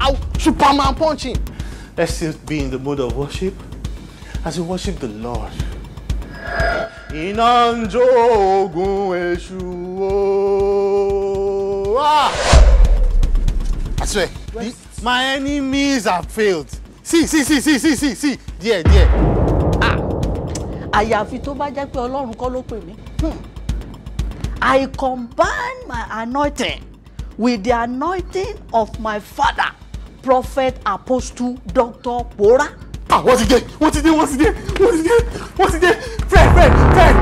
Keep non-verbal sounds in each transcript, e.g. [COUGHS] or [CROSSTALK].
I'll Superman punch Let's just be in the mood of worship as we worship the Lord. Iná ń jó ogun ah! I swear, the, my enemies have failed. See, see, see, see, see, see, see, there, there. Ah. Àyàfi tó bá jẹ́ pé Ọlọ́run kọ́ ló pè hmm. I combine my anointing with the anointing of my father prophet apostle doctor pora. àwọn ti dé wọ́n ti dé wọ́n ti dé wọ́n ti dé wọ́n ti dé fred fred fred.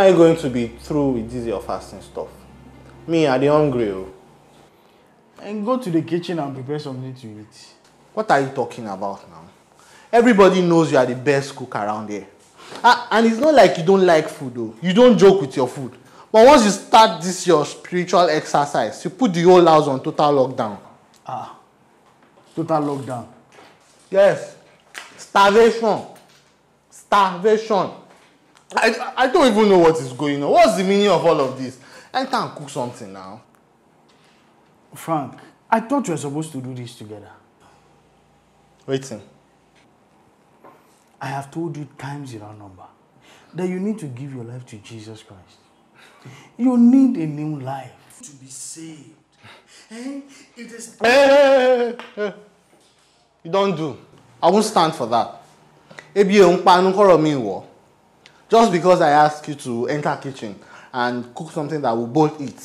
are you going to be through with this your fasting stuff? Me, I dey hungry o. Oh. And go to the kitchen and prepare something to eat. What are you talking about now? Everybody knows you are the best cook around here. Ah, and it's not like you don't like food though. You don't joke with your food. But once you start this your spiritual exercise, you put the whole house on total lockdown. Ah, total lockdown. Yes, starvation, starvation. I, I don't even know what is going on. What's the meaning of all of this? Enter and cook something now. Frank, I thought we were supposed to do this together. Waiting. I have told you times without number that you need to give your life to Jesus Christ. You need a new life to be saved. Hey, eh? It is. Hey, eh, eh, hey, hey, hey. You don't do. I won't stand for that. Ebi ò ń pa anú kọ́rọ̀ mi Just because I asked you to enter kitchen and cook something that we both eat,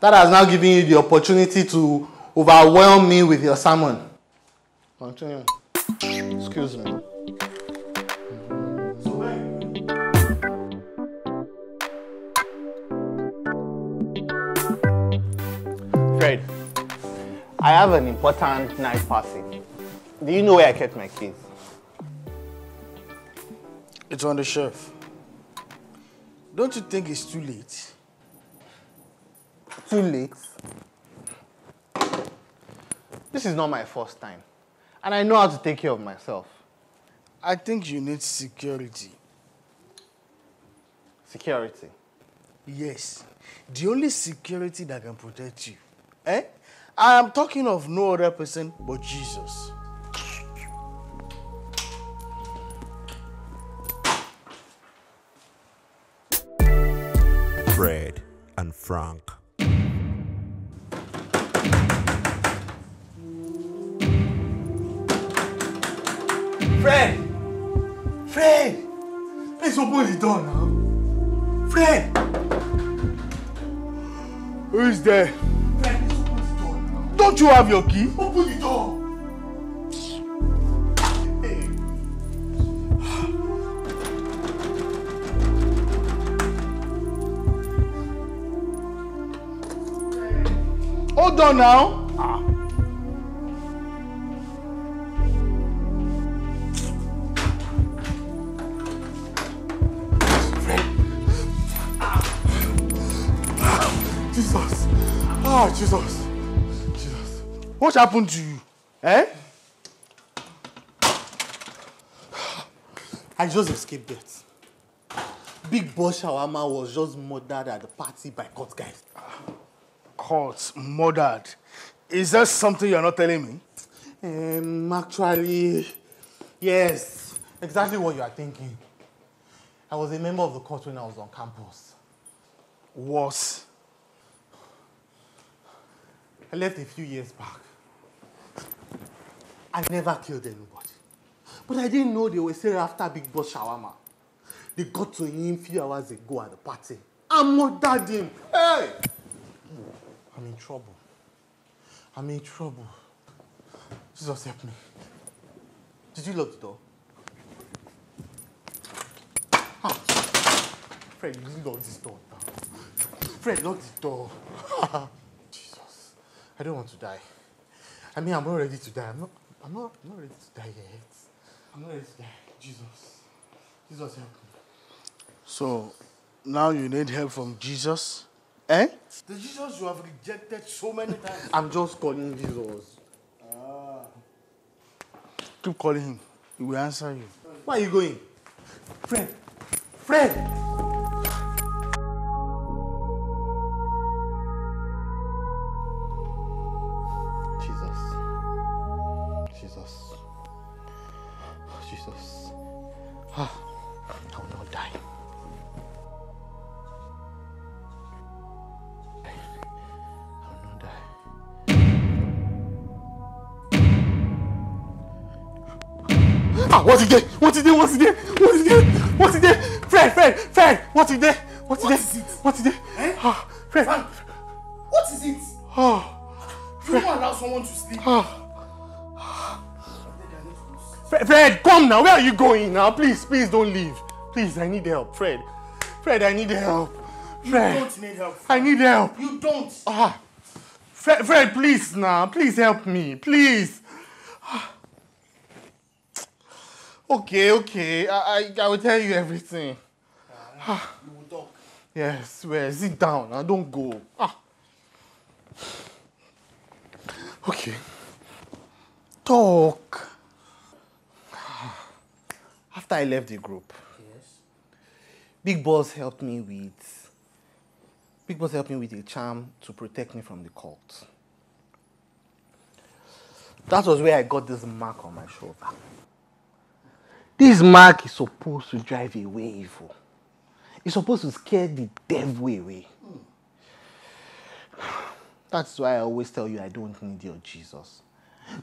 that has now given you the opportunity to overwhelm me with your salmon. Continue. Excuse me. Fred, I have an important night party. Do you know where I kept my keys? It's on the shelf. Don't you think it's too late? Too late? This is not my first time. And I know how to take care of myself. I think you need security. Security? Yes. The only security that can protect you. Eh? I am talking of no other person but Jesus. and Frank. Fred! Fred! Please open the door now. Fred! Who is there? Fred, please open the door Don't you have your key? Open the door! Hold on now. Ah. Jesus. Ah, Jesus. Jesus. What happened to you? Eh? I just escaped death. Big Boss Shawarma was just murdered at the party by cut guys. Ah hurt, murdered. Is there something you're not telling me? Um, actually, yes, exactly what you are thinking. I was a member of the court when I was on campus. Was? I left a few years back. I never killed anybody. But I didn't know they were still after Big Boss Shawarma. They got to him a few hours ago at the party. I murdered him. Hey! I'm in trouble. I'm in trouble. Jesus, help me. Did you lock the door? Ah. Fred, you didn't lock this door Fred, lock the door. [LAUGHS] Jesus, I don't want to die. I mean, I'm not ready to die. I'm not, I'm not, I'm not ready to die yet. I'm not ready to die. Jesus. Jesus, help me. So, now you need help from Jesus? Eh? The Jesus you have rejected so many times. I'm just calling Jesus. Ah. Keep calling him. He will answer you. Where are you going? Friend. Friend. going now. Please, please don't leave. Please, I need help. Fred. Fred, I need help. Fred. You don't need help. I need help. You don't. Ah. Fred, Fred please now. Please help me. Please. Ah. Okay, okay. I, I, I will tell you everything. Uh, You will talk. Yes, well, sit down. Now. Don't go. Ah. Okay. Talk after I left the group, yes. Big Boss helped me with Big Boss helped me with a charm to protect me from the cult. That was where I got this mark on my shoulder. This mark is supposed to drive away evil. It's supposed to scare the devil away. [SIGHS] That's why I always tell you I don't need your Jesus.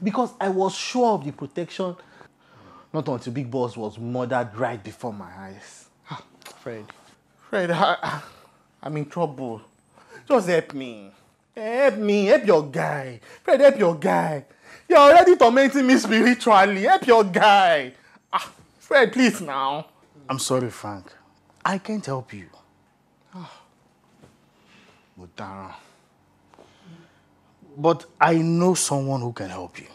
Because I was sure of the protection Not until Big Boss was murdered right before my eyes. Ah, Fred. Fred, I, I'm in trouble. Just help me. Help me. Help your guy. Fred, help your guy. You're already tormenting me spiritually. Help your guy. Ah, Fred, please now. I'm sorry, Frank. I can't help you. Ah. But, uh, but I know someone who can help you.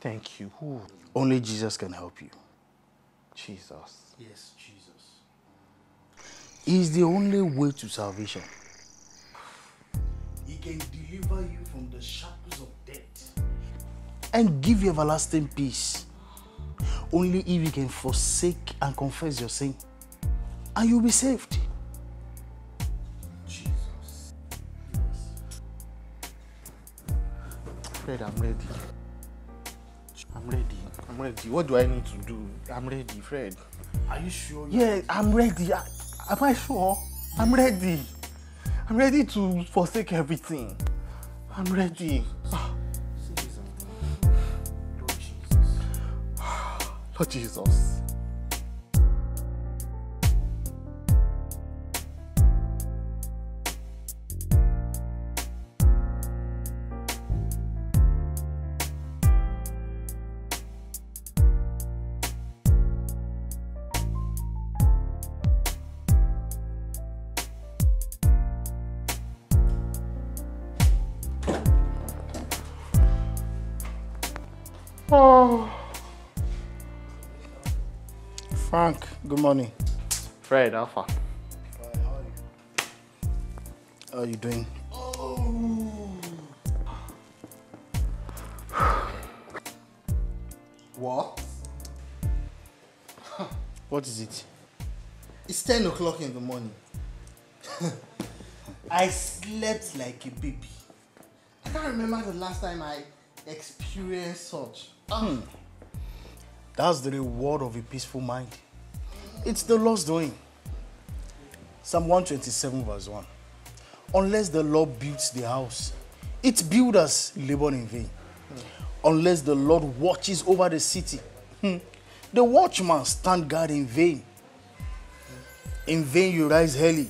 Thank you. Ooh. Only Jesus can help you. Jesus. Yes, Jesus. He's the only way to salvation. He can deliver you from the shackles of death and give you everlasting peace. Only if you can forsake and confess your sin, and you'll be saved. Jesus. Yes. Fred, I'm ready. I'm ready. I'm ready. What do I need to do? I'm ready, Fred. Are you sure? Yeah, I'm ready. I, am I sure? I'm ready. I'm ready to forsake everything. I'm ready. Ah. Lord Jesus. Lord Jesus. Good morning. Fred, Alpha. how are you? How are you doing? Oh. [SIGHS] what? [SIGHS] what is it? It's 10 o'clock in the morning. [LAUGHS] I slept like a baby. I can't remember the last time I experienced such. Ah. Hmm. That's the reward of a peaceful mind. It's the Lord's doing. Psalm 127, verse 1. Unless the Lord builds the house, its builders labor in vain. Unless the Lord watches over the city, hmm, the watchman stand guard in vain. In vain you rise early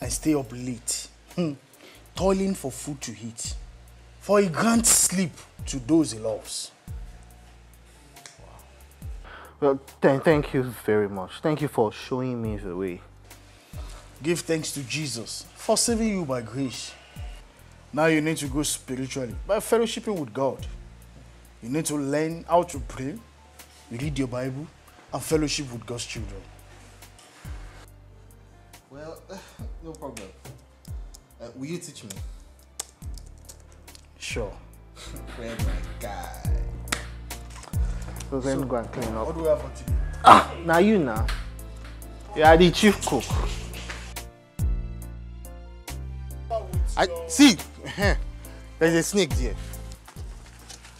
and stay up late, hmm, toiling for food to eat. For he grants sleep to those he loves. Well, th- thank you very much. Thank you for showing me the way. Give thanks to Jesus for saving you by grace. Now you need to grow spiritually by fellowshipping with God. You need to learn how to pray, read your Bible, and fellowship with God's children. Well, [SIGHS] no problem. Uh, will you teach me? Sure. Pray [LAUGHS] oh my guy. so let me go and clean up ah na you na you are the chief cook i see there's a snake there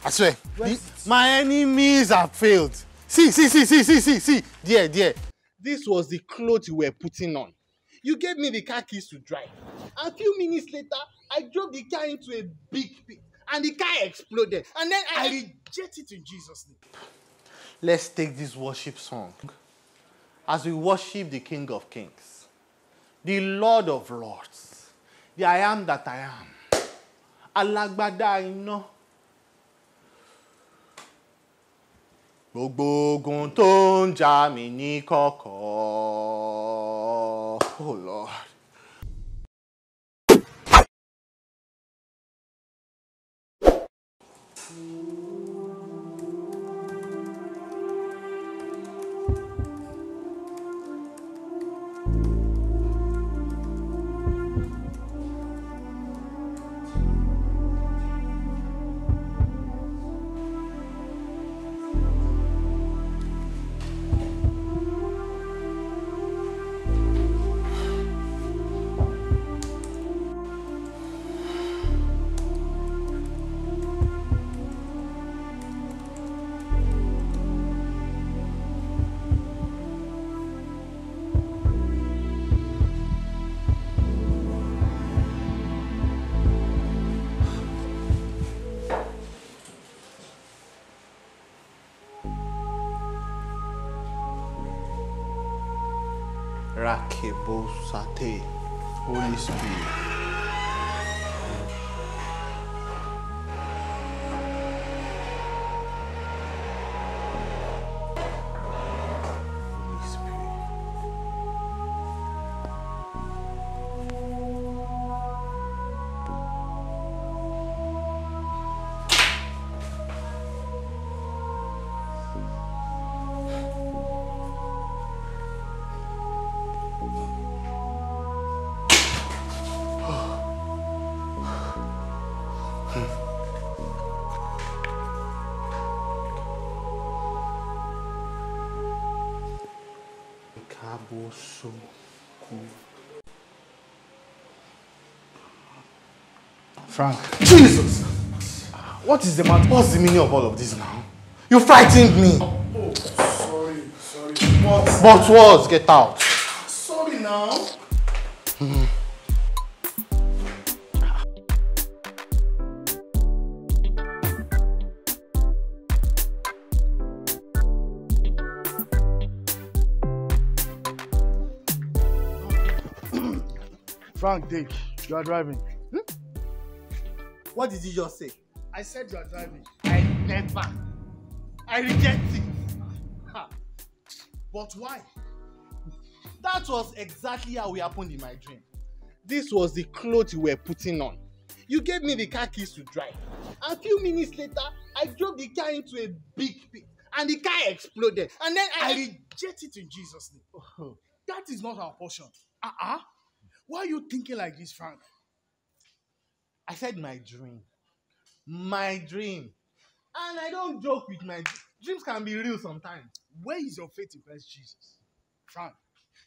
i swear the, my enemies have failed see see see see see see see there there this was the clothes you were putting on you gave me the car keys to drive a few minutes later i drove the car into a big pit and the car exploded and then i, I reject it in jesus name Let's take this worship song as we worship the King of Kings, the Lord of Lords, the I am that I am. Alagbada iná. Gbogbo tó ń jà mí ní kọ̀kọ̀. Oh Lord. Frank. Jesus! What is the matter? What's the meaning of all of this now? You frightened me. Oh, sorry, sorry. But, but what? Get out. Sorry now. Frank Dick, you are driving. What did you just say? I said you are driving. I never. I reject it. But why? That was exactly how it happened in my dream. This was the clothes you were putting on. You gave me the car keys to drive. A few minutes later, I drove the car into a big pit and the car exploded. And then I, I reject it in Jesus' name. Oh. That is not our portion. Uh-uh. Why are you thinking like this, Frank? I said my dream. My dream. And I don't joke with my dreams can be real sometimes. Where is your faith in Christ Jesus? Fine.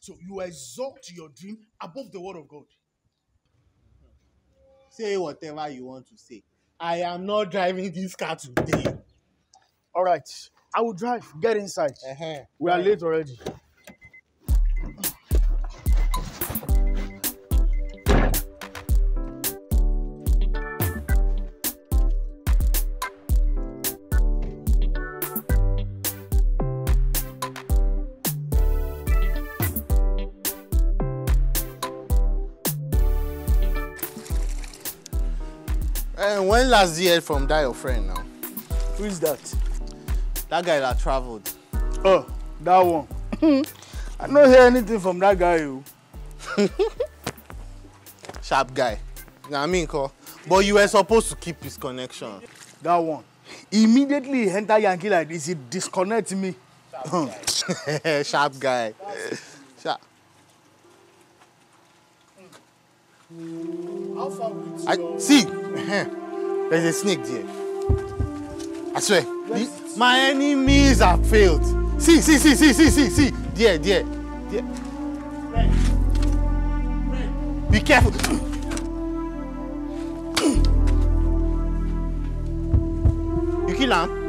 So you exalt your dream above the word of God. Say whatever you want to say. I am not driving this car today. All right. I will drive. Get inside. Uh -huh. We are late already. when last year from that your friend now? Who is that? That guy that traveled. Oh, that one. [LAUGHS] I don't hear anything from that guy. You. Oh. [LAUGHS] Sharp guy. You know what I mean, call. But you were supposed to keep his connection. That one. Immediately he enter Yankee like this, he disconnect me. [LAUGHS] Sharp guy. Sharp guy. Sharp. How far with I, See. There's a snake there. I swear. The, my enemies have failed. See, see, see, see, see, see, see. There, there, there. Red. Red. Be careful. you kill him.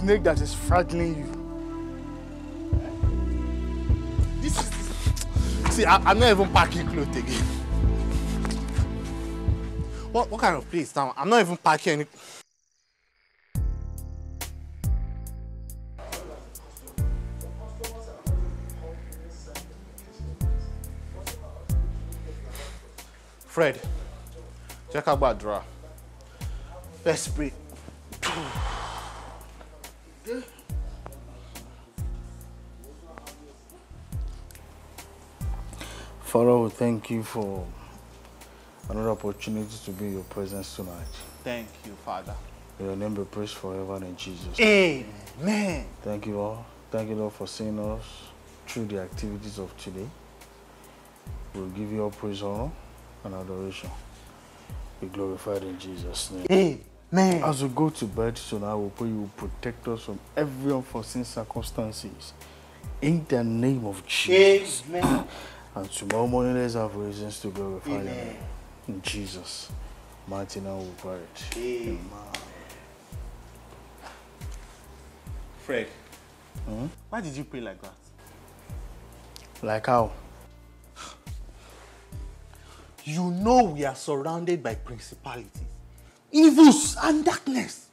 snake that is frightening you. This is. See, I, I'm not even packing clothes again. What, what kind of place now? I'm not even packing any. Fred, check out my drawer. Let's pray. Father, we thank you for another opportunity to be in your presence tonight. Thank you, Father. May your name be praised forever in Jesus. Amen. Thank you, all. Thank you, Lord, for seeing us through the activities of today. We'll give you all praise, honor, and adoration. Be glorified in Jesus' name. Amen. As we go to bed tonight, we pray you will protect us from every unforeseen circumstances. In the name of Jesus. Amen. And tomorrow morning, let's have reasons to glorify Amen. Him. In Jesus' mighty name we pray. it. Amen. Fred, hmm? why did you pray like that? Like how? You know we are surrounded by principalities, evils, and darkness.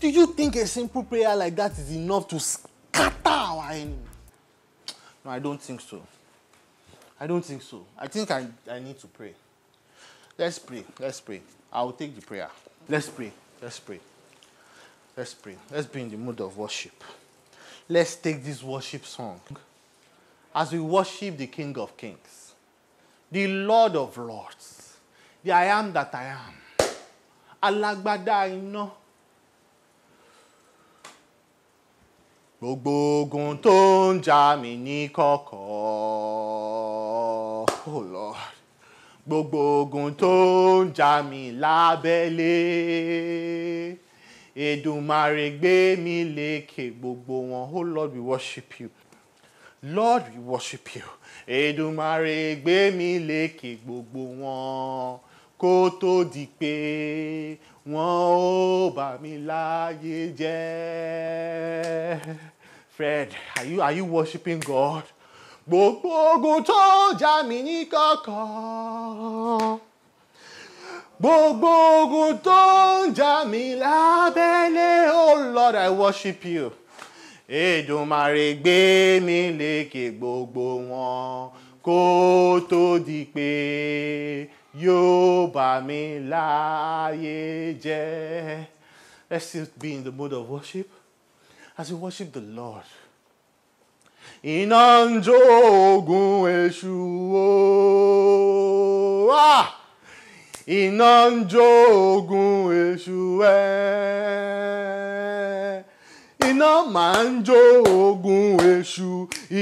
Do you think a simple prayer like that is enough to scatter our enemy? No, I don't think so. I don't think so. I think I, I need to pray. Let's pray. Let's pray. I'll take the prayer. Let's pray. Let's pray. Let's pray. Let's be in the mood of worship. Let's take this worship song as we worship the King of Kings, the Lord of Lords, the I am that I am. Alágbádá iná. Gbogbo ogun tó ń jà mí ní kọ̀kọ̀. Oh Lord. Gbogbo ogun tó ń jà mí lábẹ́lé. Èdùmàrè gbé mi lékè gbogbo wọn. Oh Lord, we worship you. Lord, we worship you. Èdùmàrè gbé mi lékè gbogbo wọn. Kó tó di pé wọn ò bà mí láyé jẹ́. Fred, are you, are you worshiping God? gbogbo ogun tó jà mí ní kọ̀kọ̀ gbogbo ogun tó jà mí lábẹ́lé oh lord i worship you èdùmàrè gbé mi lékè gbogbo wọn kó tó di pé yóò bà mí láàyè jẹ́ let's still be in the mood of worship as we worship the lord iná ń jó ogun èṣù o iná ń jó ogun èṣù ẹ iná máa ń jó ogun èṣù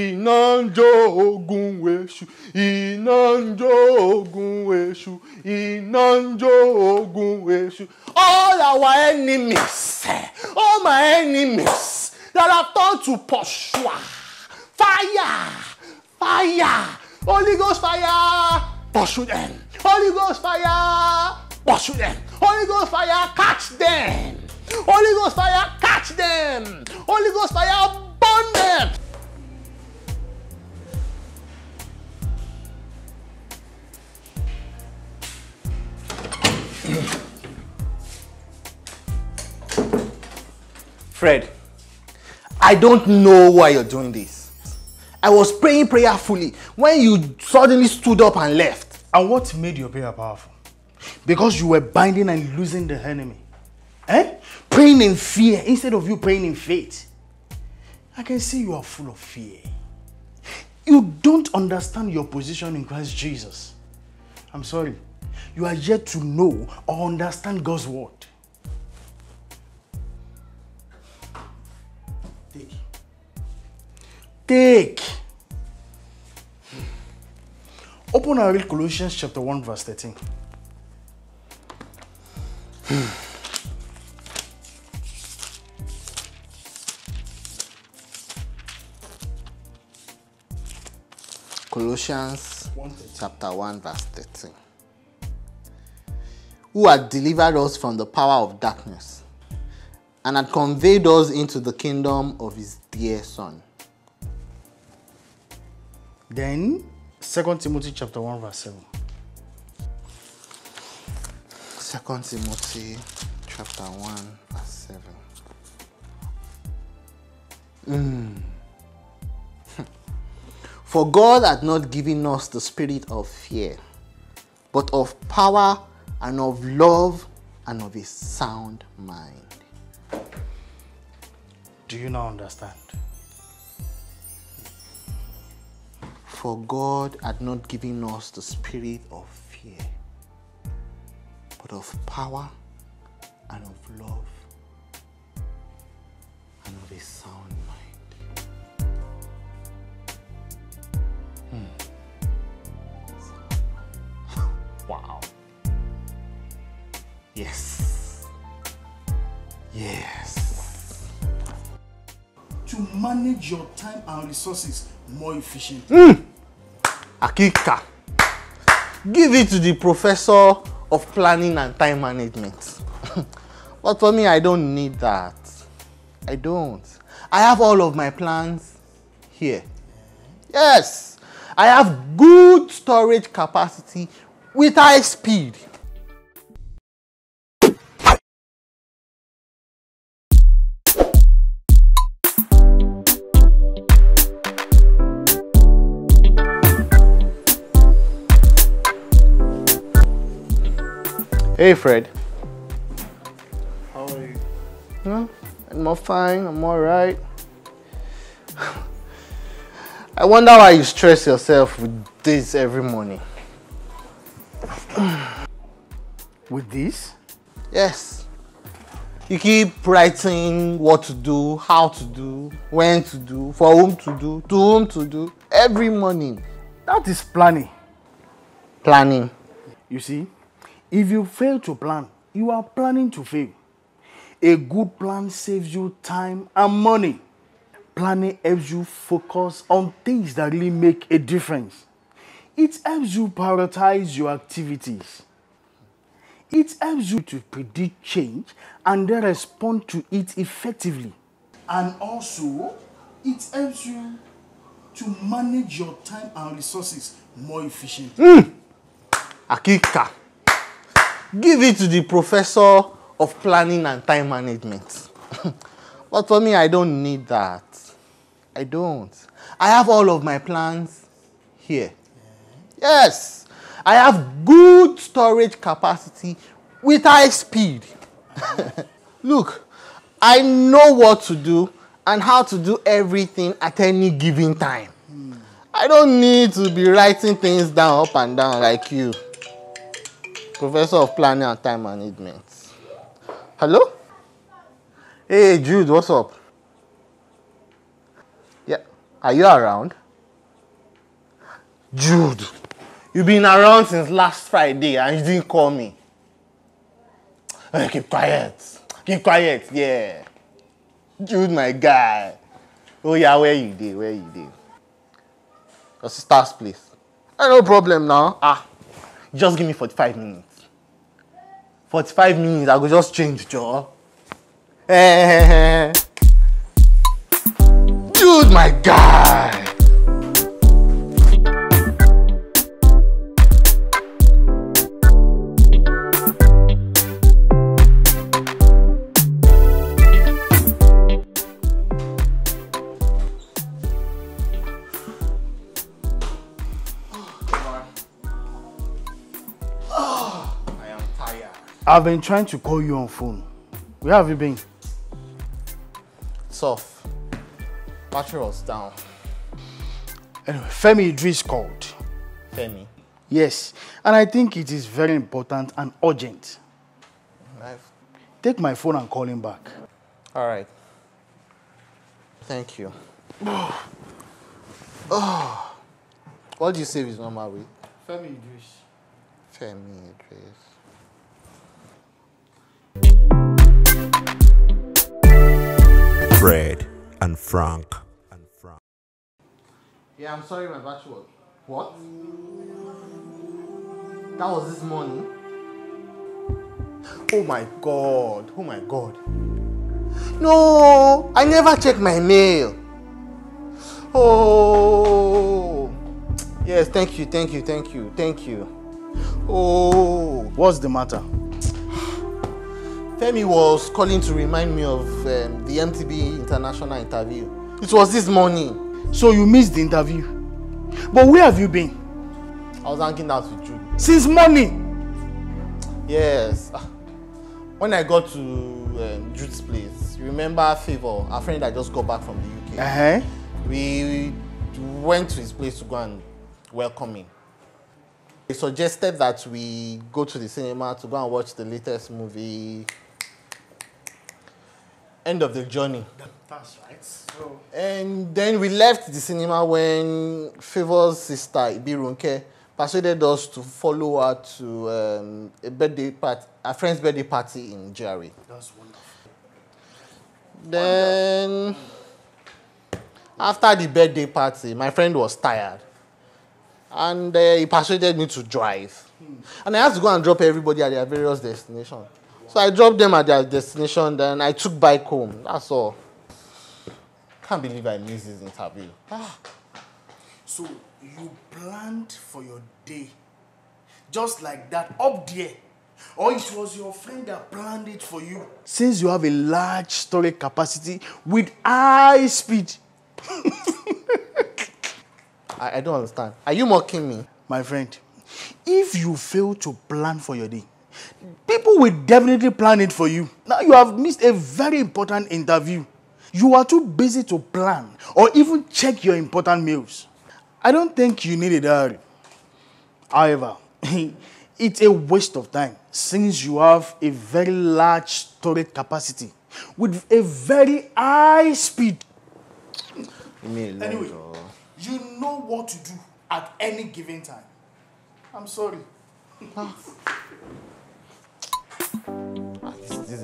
iná ń jó ogun èṣù iná ń jó ogun èṣù iná ń jó ogun èṣù all our enemies eh, all my enemies that are turned to pursue. Fire! Fire! Holy Ghost fire! Pursue them! Holy Ghost fire! Pursue them! Holy Ghost fire! Catch them! Holy Ghost fire! Catch them! Holy Ghost fire! Burn them! Fred, I don't know why you're doing this. I was praying prayerfully when you suddenly stood up and left. And what made your prayer powerful? Because you were binding and losing the enemy. Eh? Praying in fear instead of you praying in faith. I can see you are full of fear. You don't understand your position in Christ Jesus. I'm sorry. You are yet to know or understand God's word. take. Open our read Colossians chapter 1, verse 13. Colossians chapter 1, verse 13. Who had delivered us from the power of darkness and had conveyed us into the kingdom of his dear Son then 2 Timothy chapter 1 verse 7. 2 Timothy chapter 1 verse 7. Mm. [LAUGHS] For God had not given us the spirit of fear, but of power and of love and of a sound mind. Do you now understand? For God had not given us the spirit of fear, but of power and of love and of a sound mind. Hmm. [LAUGHS] wow. Yes. Yes. To manage your time and resources more efficiently. Mm. Akika. Give it to the professor of planning and time management. [LAUGHS] But for me, I don't need that. I don't. I have all of my plans here. Yes, I have good storage capacity with high speed. Hey, Fred. How are you? Huh? I'm all fine. I'm all right. I wonder why you stress yourself with this every morning. with this? Yes. You keep writing what to do, how to do, when to do, for whom to do, to whom to do, every morning. That is planning. Planning. You see, If you fail to plan, you are planning to fail. A good plan saves you time and money. Planning helps you focus on things that really make a difference. It helps you prioritize your activities. It helps you to predict change and then respond to it effectively. And also, it helps you to manage your time and resources more efficiently. Mm. Akika. give it to the professor of planning and time management. [LAUGHS] but for me, I don't need that. I don't. I have all of my plans here. Yes, I have good storage capacity with high speed. [LAUGHS] Look, I know what to do and how to do everything at any given time. Hmm. I don't need to be writing things down up and down like you. Professor of Planning and Time Management. Hello? Hey, Jude, what's up? Yeah, are you around? Jude, you've been around since last Friday and you didn't call me. Hey, keep quiet. Keep quiet, yeah. Jude, my guy. Oh, yeah, where you did? Where you did? Your sister's place. Hey, eh, no problem now. Ah. Just give me 45 minutes. 45 minutes, I go just change, Joe. Eh, eh, eh, Dude, my guy. I've been trying to call you on phone. Where have you been? It's Battery was down. Anyway, Femi Idris called. Femi? Yes, and I think it is very important and urgent. I've... Take my phone and call him back. All right. Thank you. oh. [SIGHS] [SIGHS] What do you say with number with? Femi Idris. Femi Idris. Fred and Frank. Yeah, I'm sorry, my batch was. What? That was this morning. Oh my god, oh my god. No, I never checked my mail. Oh, yes, thank you, thank you, thank you, thank you. Oh, what's the matter? Femi was calling to remind me of um, the MTB international interview. It was this morning. So you missed the interview. But where have you been? I was hanging out with you. Since morning? Yes. Ah. When I got to um, Jude's place, you remember Favour, our friend that just got back from the UK? Uh-huh. We went to his place to go and welcome him. He suggested that we go to the cinema to go and watch the latest movie end of the journey. That's right. So. And then we left the cinema when Favor's sister, Ibirunke, persuaded us to follow her to um, a birthday party, a friend's birthday party in Jerry. That's wonderful. Then, wonderful. after the birthday party, my friend was tired. And uh, he persuaded me to drive. Hmm. And I had to go and drop everybody at their various destinations. So I dropped them at their destination, then I took bike home. That's all. Can't believe I missed this interview. Ah. So you planned for your day just like that up there. Or it was your friend that planned it for you. Since you have a large storage capacity with high speed. [LAUGHS] I, I don't understand. Are you mocking me? My friend, if you fail to plan for your day, People will definitely plan it for you. Now you have missed a very important interview. You are too busy to plan or even check your important meals. I don't think you need a diary. However, [LAUGHS] it's a waste of time since you have a very large storage capacity with a very high speed. Anyway, you know what to do at any given time. I'm sorry.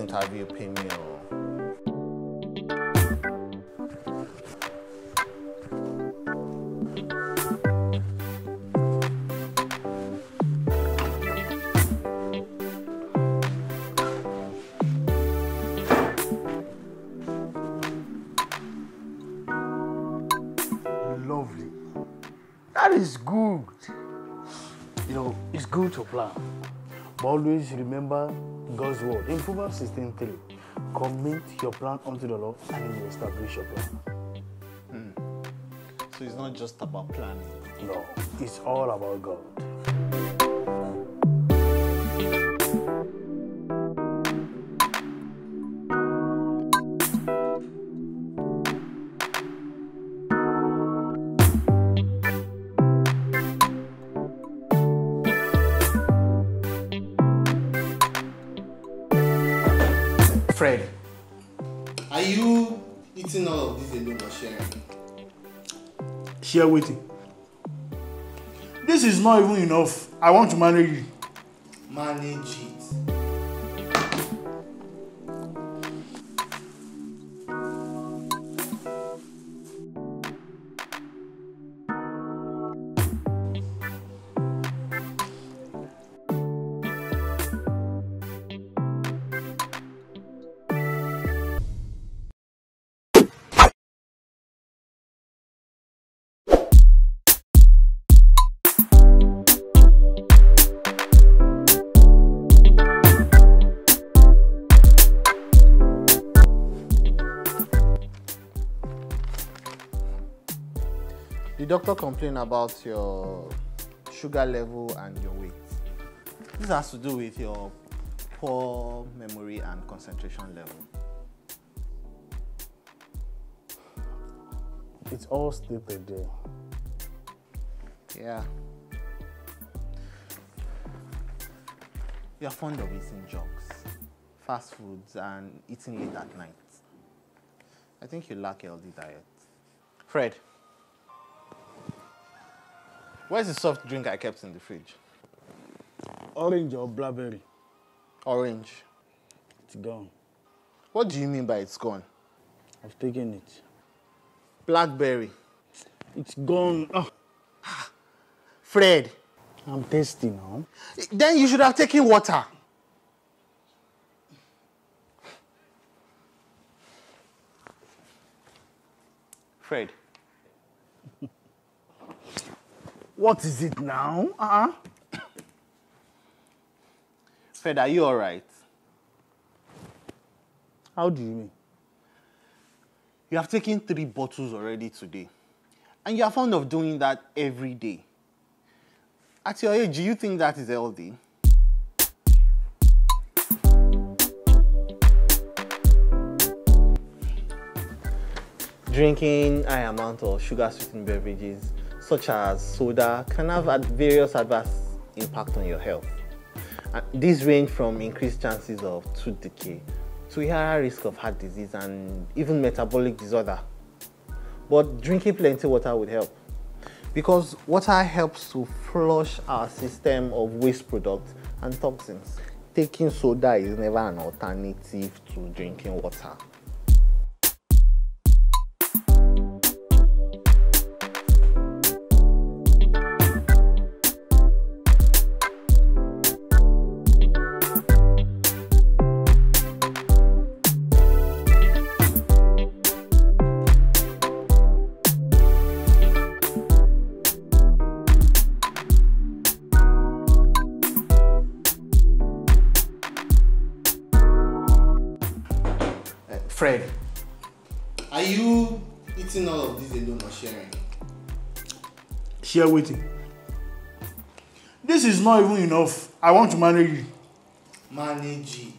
doesn't have Lovely. That is good. You know, it's good to plan. But always remember God's word. In Proverbs 16 3, commit your plan unto the Lord and he will establish your plan. Hmm. So it's not just about planning. No, it's all about God. Fred. Are you eating all of this alone or sharing? Share wetin. This is not even enough. I want to manage you. Manage it. The doctor complained about your sugar level and your weight. This has to do with your poor memory and concentration level. It's all stupid, a day. Yeah. You're fond of eating junks, fast foods, and eating late at night. I think you lack a healthy diet. Fred, Where's the soft drink I kept in the fridge? Orange or blackberry? Orange. It's gone. What do you mean by it's gone? I've taken it. Blackberry. It's gone. Oh. Fred. I'm thirsty now. Then you should have taken water. Fred. What is it now? uh huh. Fred, are you all right? How do you mean? You have taken three bottles already today. And you are fond of doing that every day. At your age, do you think that is healthy? Drinking high amount of sugar-sweetened beverages such as soda, can have various adverse impact on your health. And these range from increased chances of tooth decay to higher risk of heart disease and even metabolic disorder. But drinking plenty water would help because water helps to flush our system of waste products and toxins. Taking soda is never an alternative to drinking water. share this is not even enough i want to manage manage it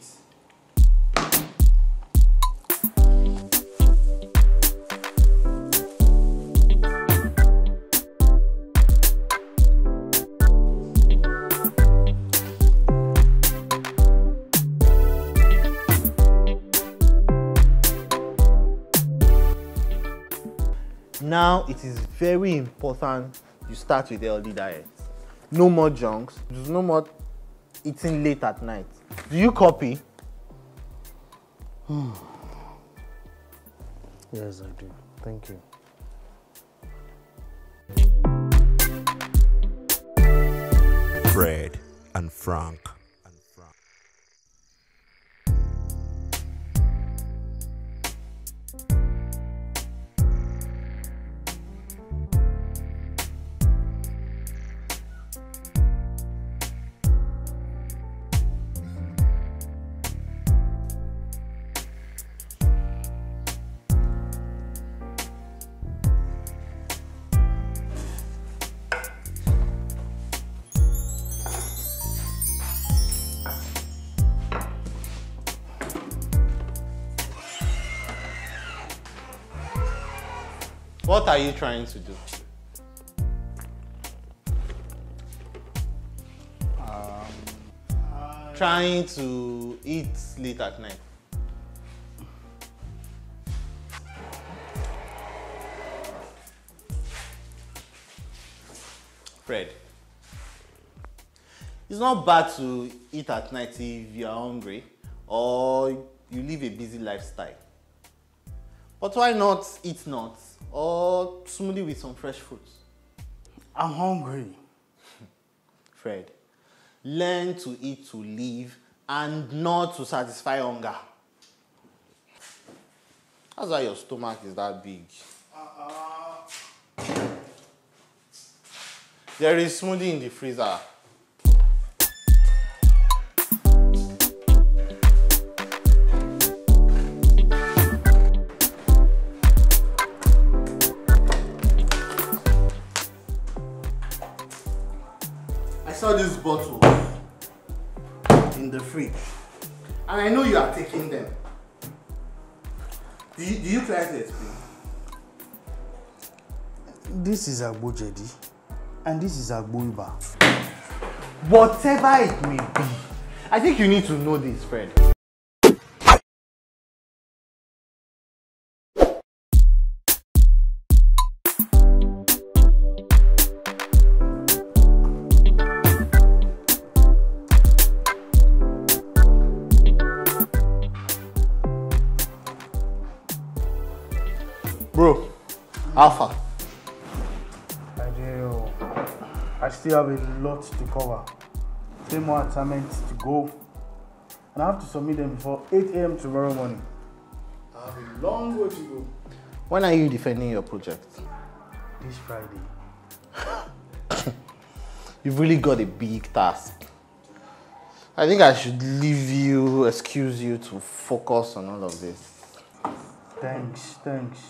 now it is very important you start with healthy diet. No more junks. There's no more eating late at night. Do you copy? [SIGHS] yes, I do. Thank you. Fred and Frank. are you trying to do? Um, trying to eat late at night. Fred, it's not bad to eat at night if you are hungry or you live a busy lifestyle. But why not eat nuts or smoothie with some fresh fruits? I'm hungry. Fred, learn to eat to live and not to satisfy hunger. That's why your stomach is that big. Uh-uh. There is smoothie in the freezer. all these bottles in the fridge. And I know you are taking them. Do you, do you try to explain? This is a bojedi, and this is a boiba. Whatever it may be, I think you need to know this, friend. Alpha. I do. I still have a lot to cover. Three more assignments to go. And I have to submit them before 8 a.m. tomorrow morning. I have a long way to go. When are you defending your project? This Friday. [COUGHS] You've really got a big task. I think I should leave you, excuse you to focus on all of this. Thanks, thanks.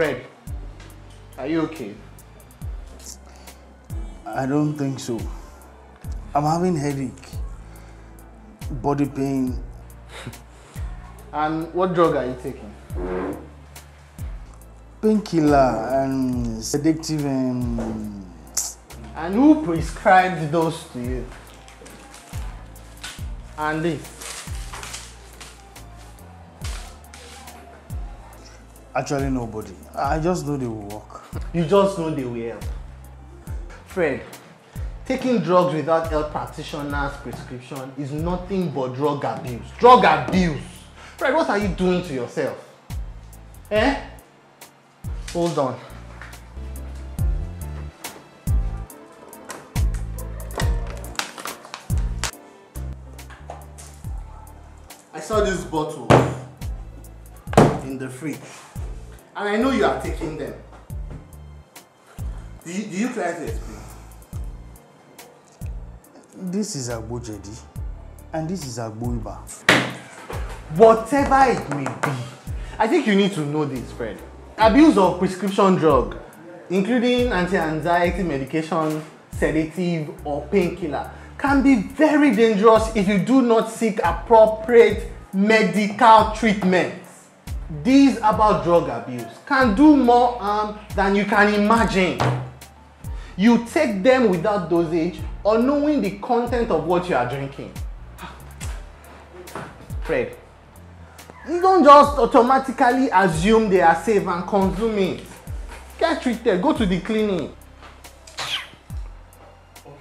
Fred, are you okay? I don't think so. I'm having headache, body pain. [LAUGHS] and what drug are you taking? Painkiller and sedative and... And who prescribed those to you? Andy. Actually, nobody. I just know they will work. You just know they will help. Fred, taking drugs without health practitioner's prescription is nothing but drug abuse. Drug abuse! Fred, what are you doing to yourself? Eh? Hold on. I saw this bottle in the fridge. And I know you are taking them. Do you, do you try to explain? This is Agbo Jedi, and this is Agbo Iba. Whatever it may be, I think you need to know this, Fred. Abuse of prescription drug, including anti-anxiety medication, sedative, or painkiller, can be very dangerous if you do not seek appropriate medical treatment these about drug abuse can do more harm than you can imagine. You take them without dosage or knowing the content of what you are drinking. [SIGHS] Fred, you don't just automatically assume they are safe and consume it. Get treated, go to the clinic. Okay,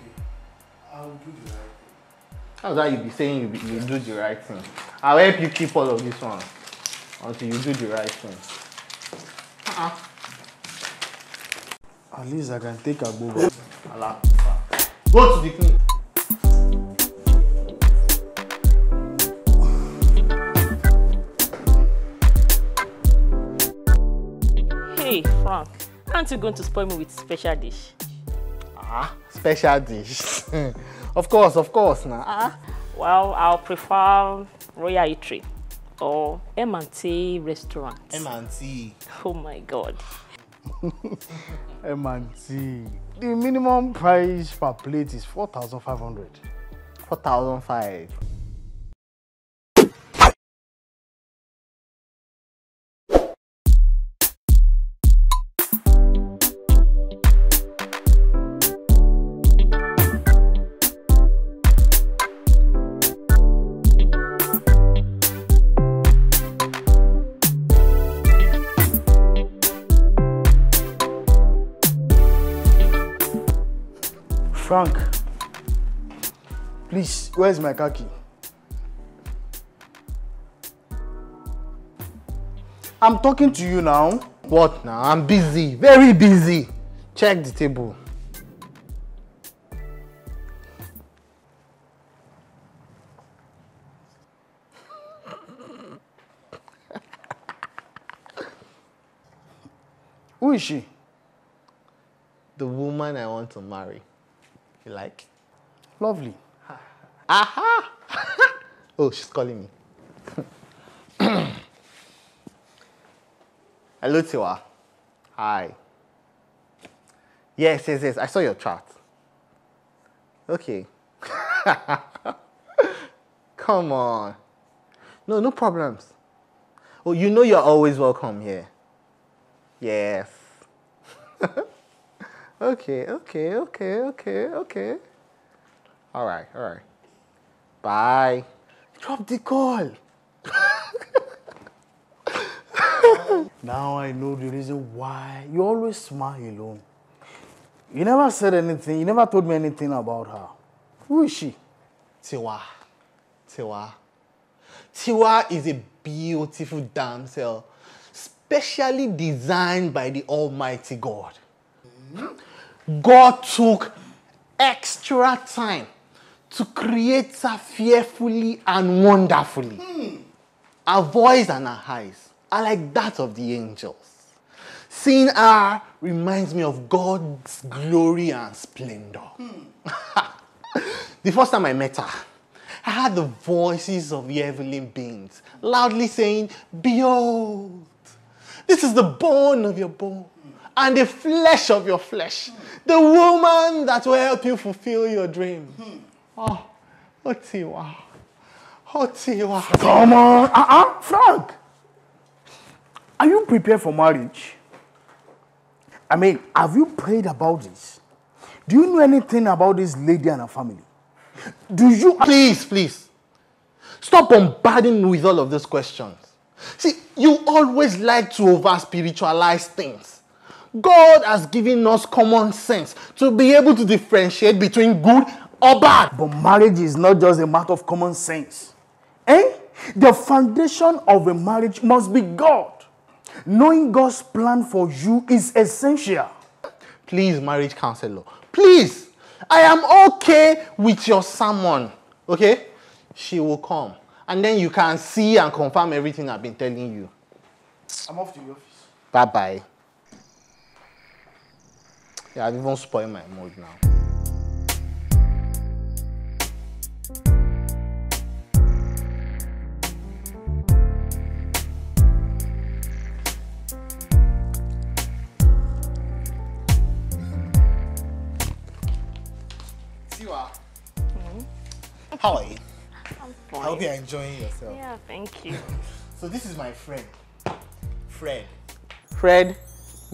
I do the right thing. How's that you be saying you, be, you do the right thing? I'll help you keep all of this one. until you do the right thing. Uh-uh. At least I can take a boba. Go to the clinic. Hey, Frank, aren't you going to spoil me with special dish? Ah, special dish. [LAUGHS] of course, of course, now. Nah. Uh, uh-huh. well, I'll prefer royal eatery. or M&T restaurant. M&T. Oh my God. [LAUGHS] M&T. The minimum price per plate is 4,500. 4,500. Frank, please, where's my khaki? I'm talking to you now. What now? I'm busy, very busy. Check the table. Who is she? The woman I want to marry. You like? Lovely. [LAUGHS] Aha! [LAUGHS] oh, she's calling me. [CLEARS THROAT] Hello, Tiwa. Hi. Yes, yes, yes. I saw your chart. Okay. [LAUGHS] Come on. No, no problems. Oh, you know you're always welcome here. Yes. Okay, okay, okay, okay, okay. All right, all right. Bye. Drop the call. [LAUGHS] now I know the reason why you always smile alone. You never said anything. You never told me anything about her. Who is she? Tiwa. Tiwa. Tiwa is a beautiful damsel, specially designed by the Almighty God. Mm -hmm. God took extra time to create her fearfully and wonderfully. Hmm. Her voice and her eyes are like that of the angels. Seeing her reminds me of God's glory and splendor. Hmm. [LAUGHS] the first time I met her, I heard the voices of the heavenly beings loudly saying, Behold, this is the bone of your bone and the flesh of your flesh. The woman that will help you fulfill your dream. Hmm. Oh, Otiwa. Otiwa. Come on. Uh-uh. Frank, are you prepared for marriage? I mean, have you prayed about this? Do you know anything about this lady and her family? Do you. Please, please. Stop bombarding me with all of these questions. See, you always like to over spiritualize things. God has given us common sense to be able to differentiate between good or bad. But marriage is not just a matter of common sense. Eh? The foundation of a marriage must be God. Knowing God's plan for you is essential. Please, marriage counselor, please, I am okay with your sermon. Okay? She will come. And then you can see and confirm everything I've been telling you. I'm off to the office. Bye bye. I've not spoil my mood now. Siwa, mm how are you? I'm fine. I hope you're enjoying yourself. Yeah, thank you. [LAUGHS] so this is my friend, Fred. Fred,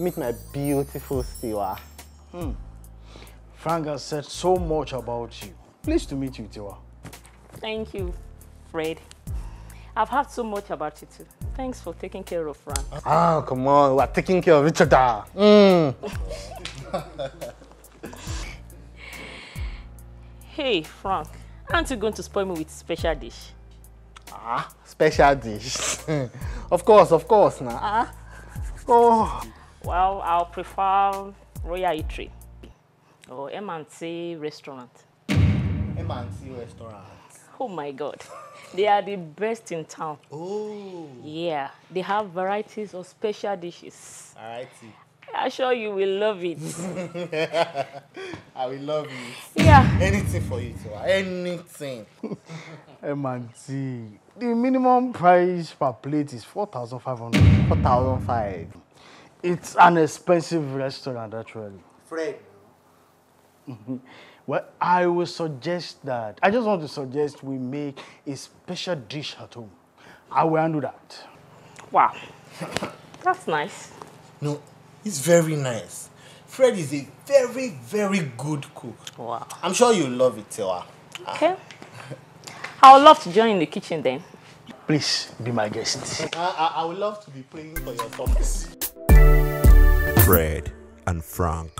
meet my beautiful Siwa. Hmm. Frank has said so much about you. Pleased to meet you, Tiwa. Thank you, Fred. I've heard so much about you too. Thanks for taking care of Frank. Ah, come on, we're taking care of Richard. Mm. [LAUGHS] hey, Frank, aren't you going to spoil me with special dish? Ah, special dish. [LAUGHS] of course, of course, now. Nah. Ah. Oh. Well, I'll prefer royal eatery or M&T restaurant. M&T restaurant. Oh my God. they are the best in town. Oh. Yeah. They have varieties of special dishes. Variety. I assure you will love it. [LAUGHS] I will love it. Yeah. Anything for you, Tiwa. Anything. [LAUGHS] M&T. The minimum price per plate is 4,500. 4,500. It's an expensive restaurant, actually. Fred. [LAUGHS] well, I will suggest that. I just want to suggest we make a special dish at home. I will handle that. Wow. That's nice. No, it's very nice. Fred is a very, very good cook. Wow. I'm sure you'll love it, Tewa. Okay. I would love to join in the kitchen then. Please be my guest. I, I, I would love to be playing for your songs. Fred and Frank.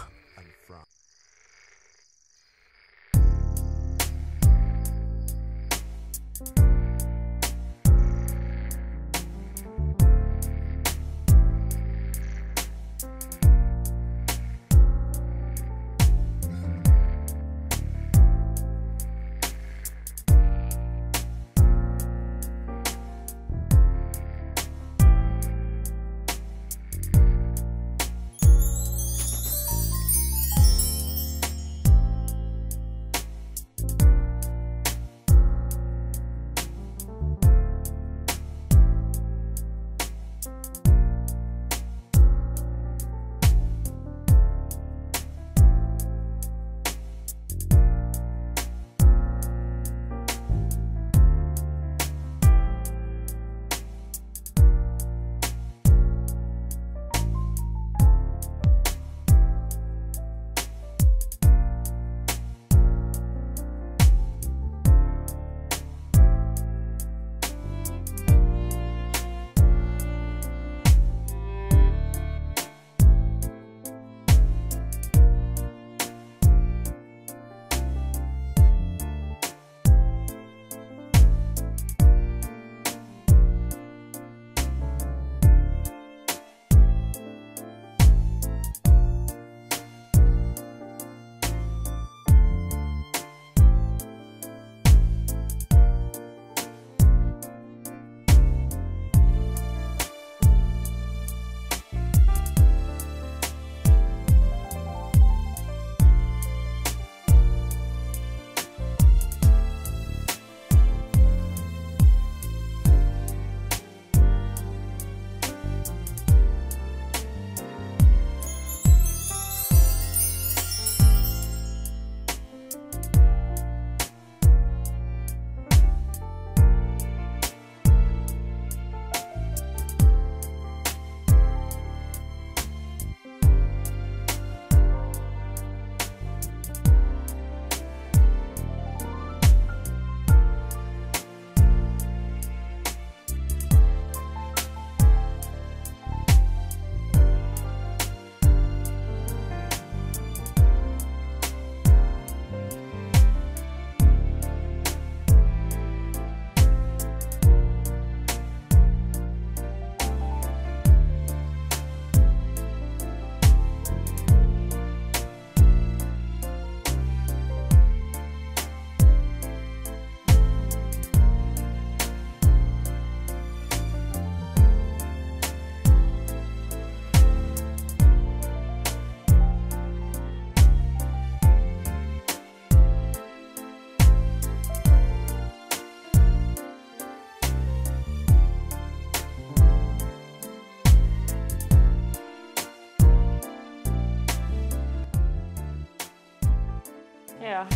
Yeah.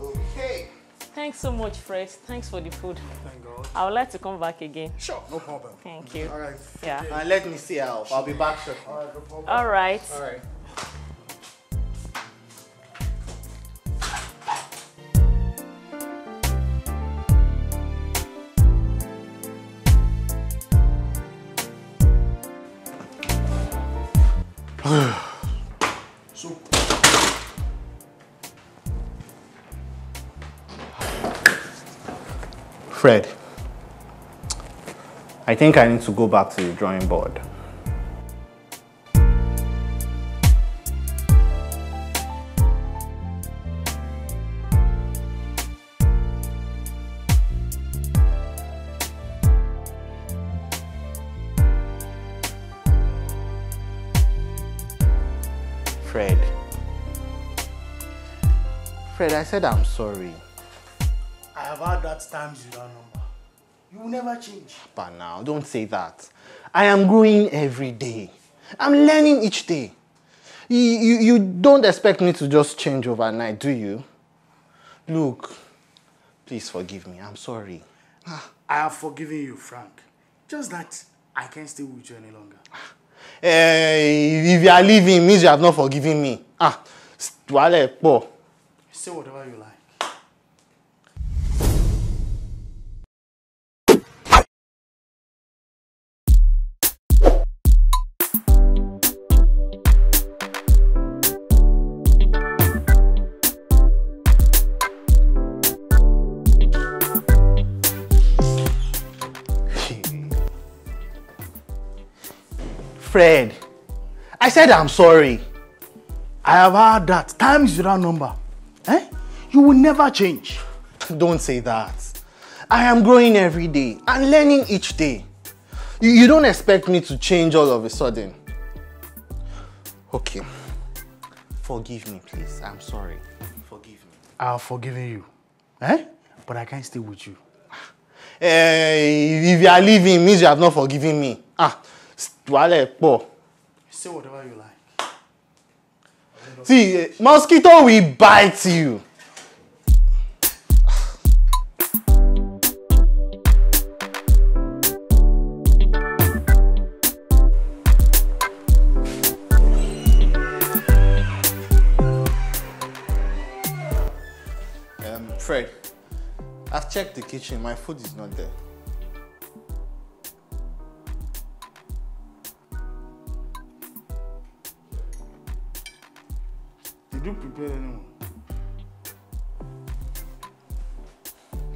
Okay. Thanks so much, Fred. Thanks for the food. Thank God. I would like to come back again. Sure, no problem. Thank you. All right. Yeah. Uh, let me see how. I'll be back soon. All right. No All right. All right. Fred, I think I need to go back to the drawing board. Fred. Fred, I said I'm sorry. have had that times without number. You will never change. But now, don't say that. I am growing every day. I'm learning each day. You, you, you don't expect me to just change overnight, do you? Look, please forgive me. I'm sorry. Ah, I have forgiven you, Frank. Just that I can't stay with you any longer. Hey, eh, if you are leaving, means you have not forgiven me. Ah, Say whatever you like. Fred, I said I'm sorry. I have had that time is without number. Eh? You will never change. [LAUGHS] Don't say that. I am growing every day and learning each day. You, you don't expect me to change all of a sudden. Okay. Forgive me, please. I'm sorry. Forgive me. I've forgiven you. Eh? But I can't stay with you. Uh, [SIGHS] if you are leaving, means you have not forgiven me. Ah, wàhálẹ̀ pọ̀. say whatever you like. see eh, mosquito will bite you. Um, Fred, I've checked the kitchen. My food is not there. Did prepare anyone?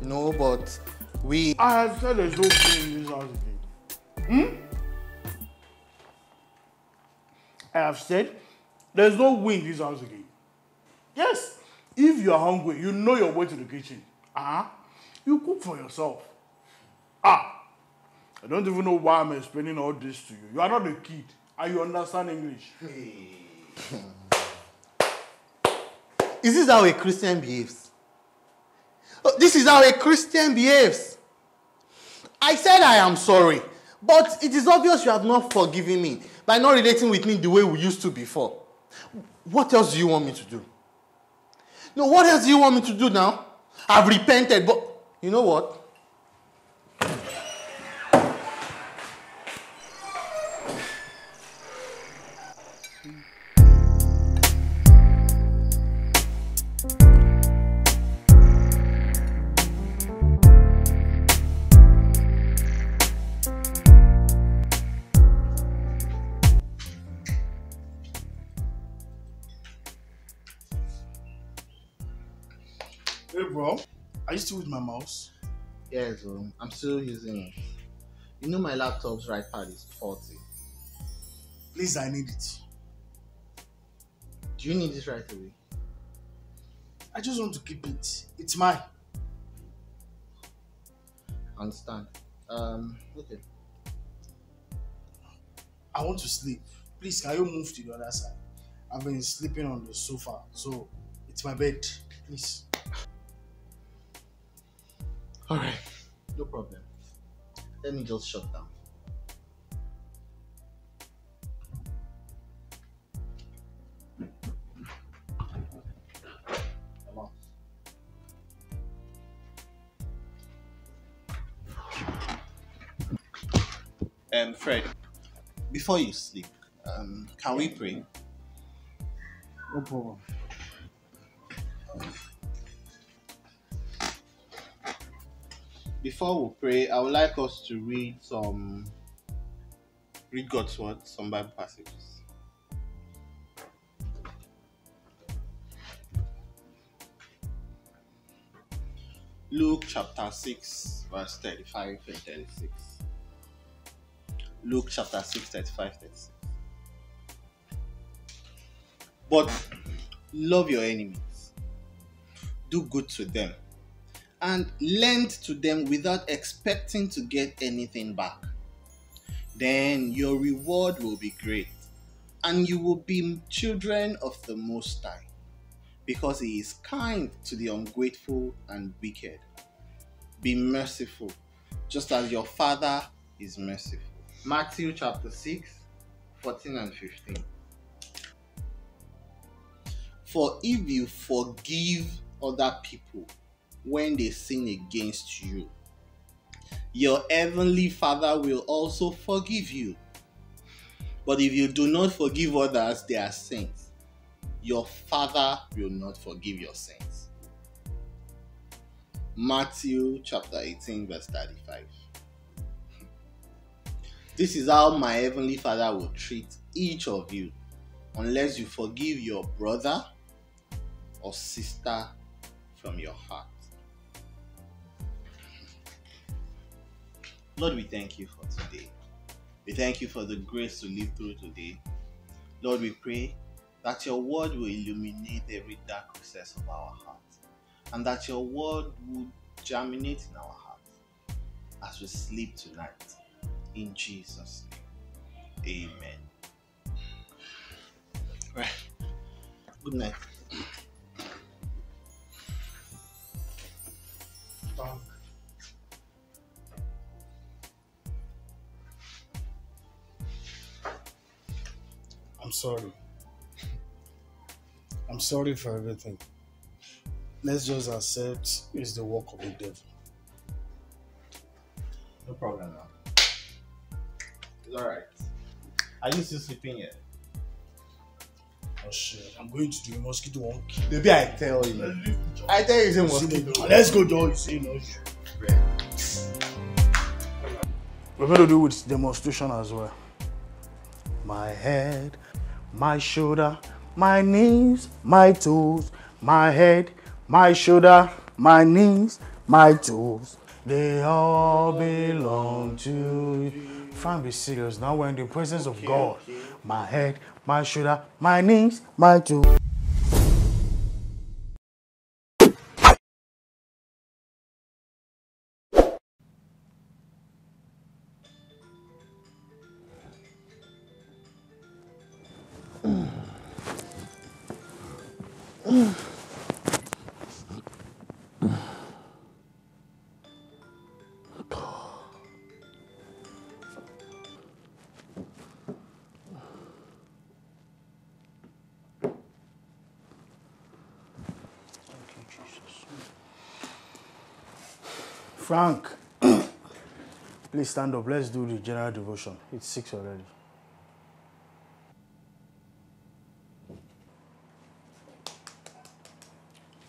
No, but we. I have said there's no food in this house again. Hmm? I have said there's no way in this house again. Yes, if you are hungry, you know your way to the kitchen. Ah, uh-huh. you cook for yourself. Ah, I don't even know why I'm explaining all this to you. You are not a kid, and you understand English. Hey. [LAUGHS] Is this how a Christian behaves? Oh, this is how a Christian behaves. I said I am sorry, but it is obvious you have not forgiven me by not relating with me the way we used to before. What else do you want me to do? No, what else do you want me to do now? I've repented, but you know what? still with my mouse? Yes, um, I'm still using it. You know my laptop's right pad is faulty. Please, I need it. Do you need it right away? I just want to keep it. It's mine. understand. Um, okay. I want to sleep. Please, can you move to the other side? I've been sleeping on the sofa, so it's my bed. Please. All right, no problem. Let me just shut down. Um, Fred, before you sleep, um, can we pray? No problem. before we pray, I would like us to read some, read God's word, some Bible passages. Luke chapter 6, verse 35 and 36. Luke chapter 6, 35, 36. But love your enemies, do good to them and lend to them without expecting to get anything back. Then your reward will be great, and you will be children of the Most High, because He is kind to the ungrateful and wicked. Be merciful, just as your Father is merciful. Matthew chapter 6, 14 and 15. For if you forgive other people when they sin against you. Your heavenly Father will also forgive you. But if you do not forgive others their sins, your Father will not forgive your sins. Matthew chapter 18, verse 35. This is how my Heavenly Father will treat each of you unless you forgive your brother or sister from your heart. Lord, we thank you for today. We thank you for the grace to live through today. Lord, we pray that your word will illuminate every dark recess of our hearts and that your word will germinate in our hearts as we sleep tonight. In Jesus' name, amen. Right. Good night. Bye. I'm sorry. I'm sorry for everything. Let's just accept it's the work of the devil. No problem now. It's alright. Are you still sleeping yet? Oh shit, I'm going to do a mosquito will Maybe I tell you. I tell you, say mosquito. Let's go, Joe. You see, no shit. We're going to do with demonstration as well. My head my shoulder, my knees, my toes, my head, my shoulder, my knees, my toes. They all belong to you. Fine, be serious. Now we're in the presence okay, of God. Okay. My head, my shoulder, my knees, my toes. Frank, [CLEARS THROAT] please stand up. Let's do the general devotion. It's six already.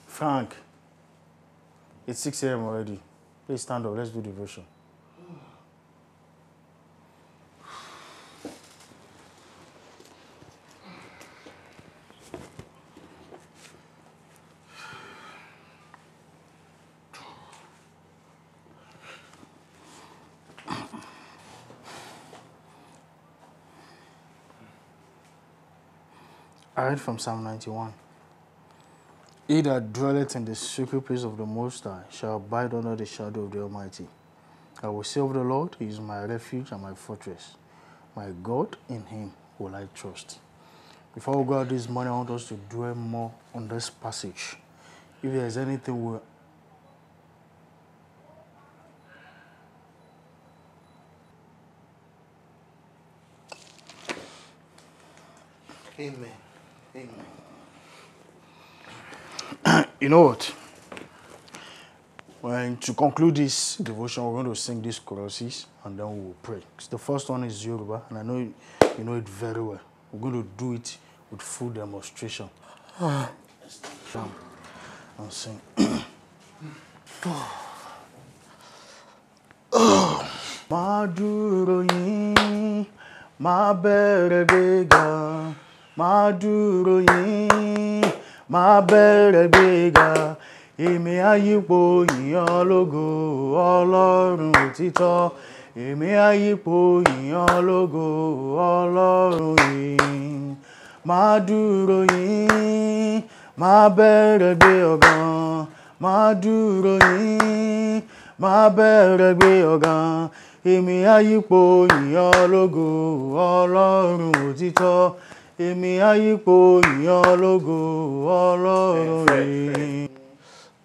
Frank, it's 6 a.m. already. Please stand up. Let's do devotion. read from Psalm 91. He that dwelleth in the secret place of the Most High shall abide under the shadow of the Almighty. I will say of the Lord, He is my refuge and my fortress. My God, in Him will I trust. Before we go out this morning, I want us to dwell more on this passage. If there is anything we Amen. Amen. [CLEARS THROAT] You know what? When to conclude this devotion, we're going to sing these choruses and then we'll pray. The first one is Yoruba, and I know you, know it very well. We're going to do it with full demonstration. Come [SIGHS] and sing. [CLEARS THROAT] [SIGHS] Máa dúró yín, máa bẹ̀rẹ̀ máa dúró yìn máa bẹ̀rẹ̀ gbéga èmi àyípo yìnyín lógo ọlọ́run òtítọ́ èmi àyípo yìnyín lógo ọlọ́run yìnyín máa dúró yìn máa bẹ̀rẹ̀ gbé ọ̀gàn máa dúró yìn máa bẹ̀rẹ̀ gbé ọ̀gàn èmi àyípo yìnyín lógo ọlọ́run òtítọ́ èmi ayípo yan lógo ọlọ́run rẹ̀.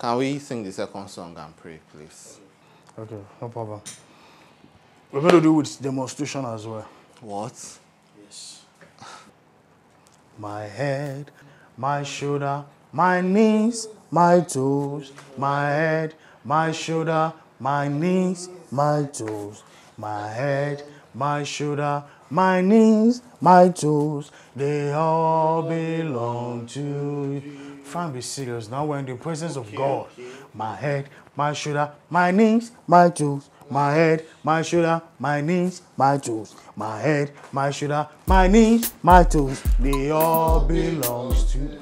Can we sing the second song and pray, please? Okay, no problem. We're going to do with demonstration as well. What? Yes. My head, my shoulder, my knees, my toes, my head, my shoulder, my knees, my toes, my head, my shoulder, my knees, my toes, they all belong to you. Try be serious now. We're in the presence of God. My head, my shoulder, my knees, my toes, my head, my shoulder, my knees, my toes, my head, my shoulder, my knees, my toes, they all belong to you.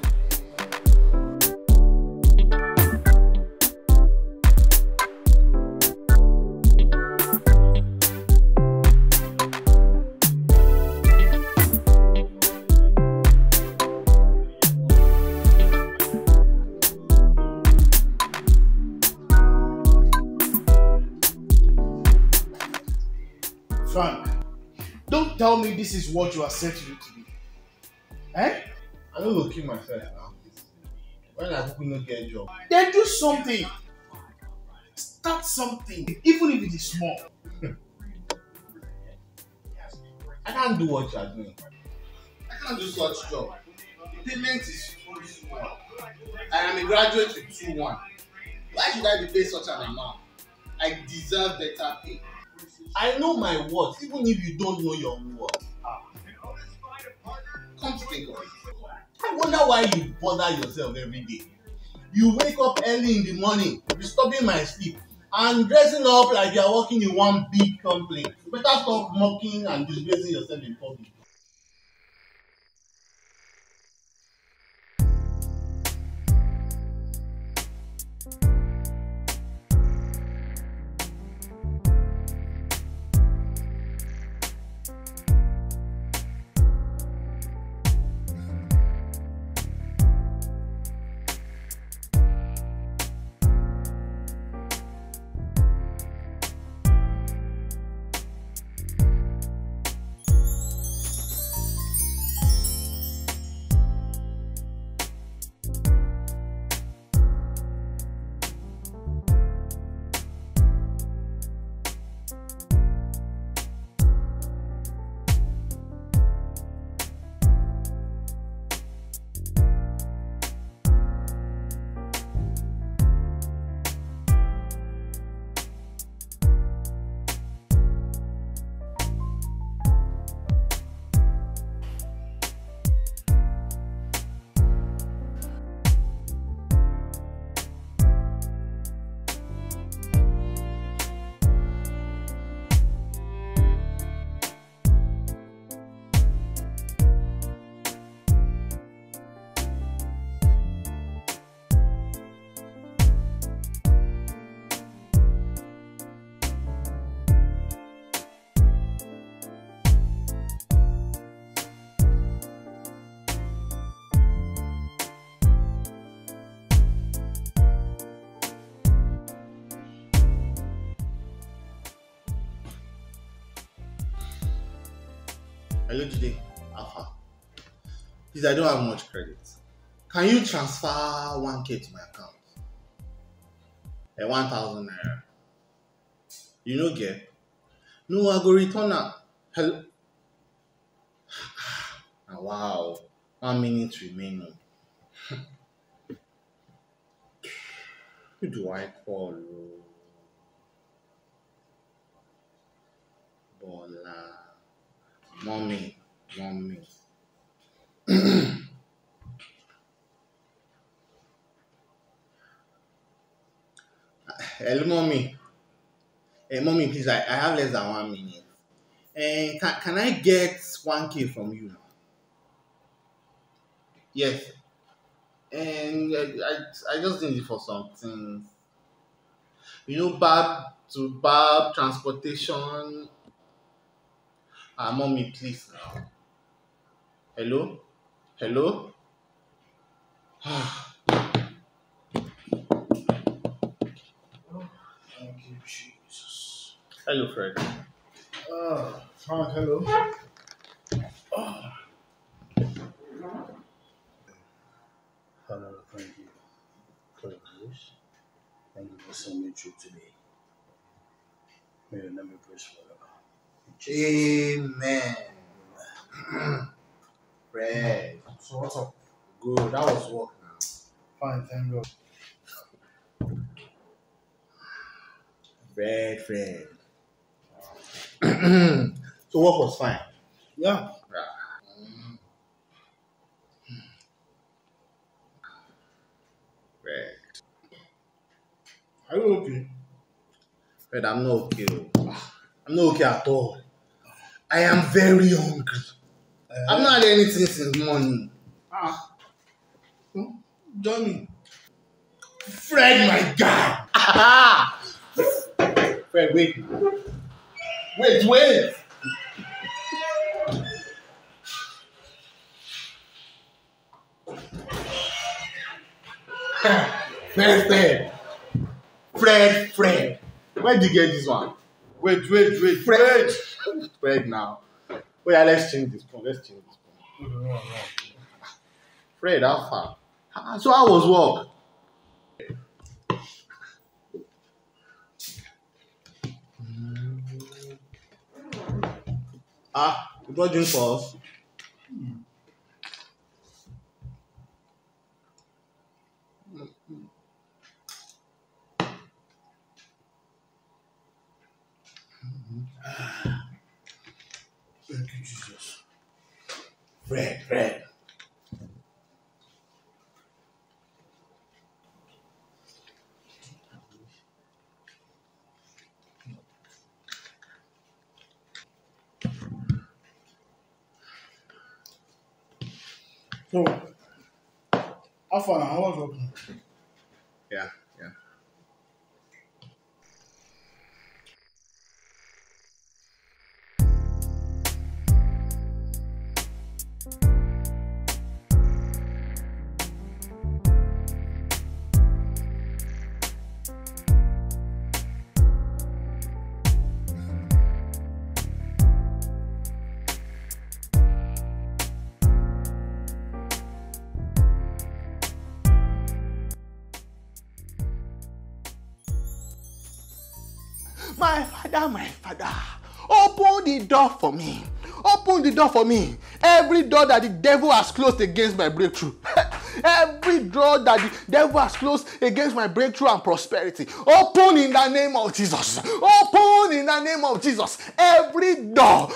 this is what you are set to do today. Eh? I don't go kill myself now. When I people not get a job. Then do something. Start something, even if it is small. [LAUGHS] I can't do what you are doing. I can't do such job. Payment is small. I am a graduate with 2 1. Why should I be paid such an amount? I deserve better pay. I know my worth, even if you don't know your worth. Come to think of it. I wonder why you bother yourself every day. You wake up early in the morning, disturbing my sleep, and dressing up like you are working in one big company. You better stop mocking and disgracing yourself in public. Hello today, Alpha. Please, I don't have much credit. Can you transfer 1k to my account? A eh, 1000 naira. You know, get? No, I go return am. Hello. [SIGHS] Ah, wow, one minute remaining. Oh. [SIGHS] Who do I call? Oh? mọ́mì mọ́mì. [CLEARS THROAT] Hello, mommy. Hey, eh, mommy, please, I, I have less than one minute. And eh, can, can I get 1K from you now? Yes. And I, I just need it for something. You know, bad to bad transportation Ah, mommy, please now. Hello? Hello? Ah. thank you, Jesus. Hello, Fred. Oh, ah, Frank, ah, hello. Oh. Hello, thank you for your Thank you for sending me through today. May your name be praised forever. Amen. Fred. [CLEARS THROAT] So what's up? Good. That was work now. Fine, thank God. Fred, Fred. [CLEARS THROAT] so work was fine. Yeah. Red. Are you okay? Fred, I'm not okay. Oh. Ah, I'm not okay at all. I am very hungry. Uh, eh? I've not had anything since morning. Ah. Hmm? Johnny. Fred, my guy. [LAUGHS] Fred, wait. Wait, wait. [LAUGHS] Fred, Fred. Fred, Fred. Where'd you get this one? wait, wait, wait, Fred. Fred now. Wait, oh, let's change this point. Let's change this point. Fred, how far? Ah, so how was work? Ah, you brought drinks for us. Thank you, Jesus. Bread, bread. So, how How was it? Father, my Father, open the door for me. Open the door for me. Every door that the devil has closed against my breakthrough. [LAUGHS] Every door that the devil has closed against my breakthrough and prosperity. Open in the name of Jesus. Open in the name of Jesus. Every door.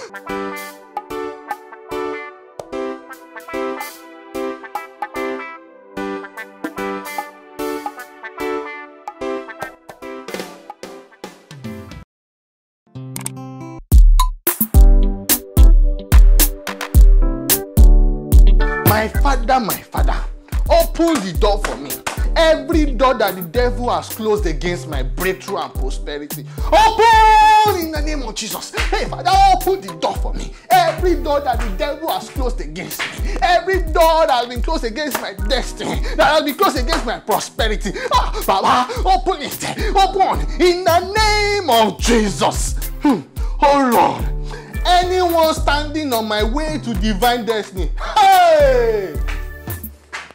door that the devil has closed against my breakthrough and prosperity. Open in the name of Jesus. Hey, Father, open the door for me. Every door that the devil has closed against me, every door that has been closed against my destiny, that has been closed against my prosperity. Ah, Baba, open it. Open in the name of Jesus. Hmm. Oh Lord, anyone standing on my way to divine destiny. Hey!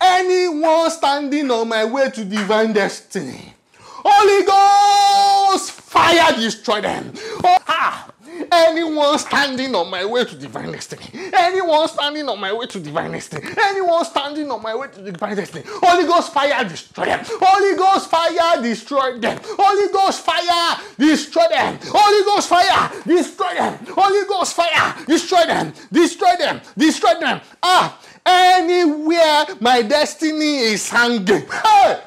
Anyone standing on my way to divine destiny, Holy Ghost, fire destroy them. Oh, ha! Anyone standing on my way to divine destiny, anyone standing on my way to divine destiny, anyone standing on my way to divine destiny, Holy Ghost fire destroy them, Holy Ghost fire destroy them, Holy Ghost fire destroy them, Holy Ghost fire destroy them, Holy Ghost fire destroy them, destroy them, destroy them. Ah, anywhere my destiny is hanging. Hey!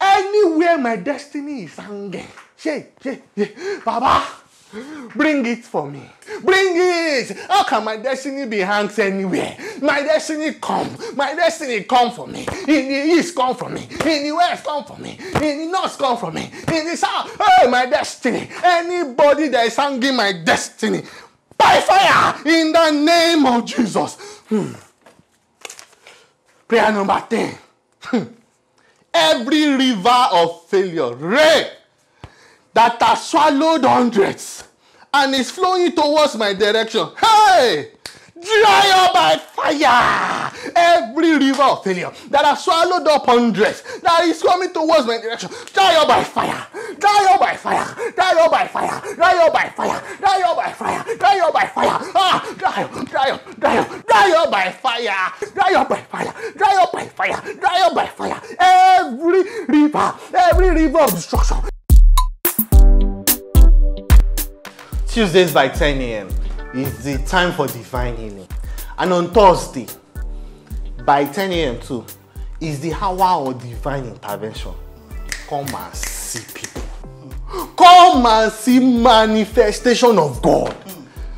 Anywhere my destiny is hanging. Ṣé ṣé ṣé bàbá bring it for me. Bring it! How can my destiny be hanged anywhere? My destiny come. My destiny come for me. In the east come for me. In the west come for me. In the north come for me. In the south, hey, my destiny. Anybody that is hanging my destiny by fire in the name of Jesus. Hmm. Prayer number 10. Hmm. Every river of failure, rain that has swallowed hundreds and is flowing towards my direction. Hey! dry up by fire every river of failure that has swallowed up hundreds that is coming towards my direction dry up by fire dry up by fire dry up by fire dry up by fire dry up by fire dry up by fire ah dry up dry up dry up dry up by fire dry up by fire dry up by fire dry up by fire every river every river of destruction Tuesdays by 10 a.m is the time for divine healing. And on Thursday, by 10 a.m. too, is the hour of divine intervention. Come and see people. Come and see manifestation of God.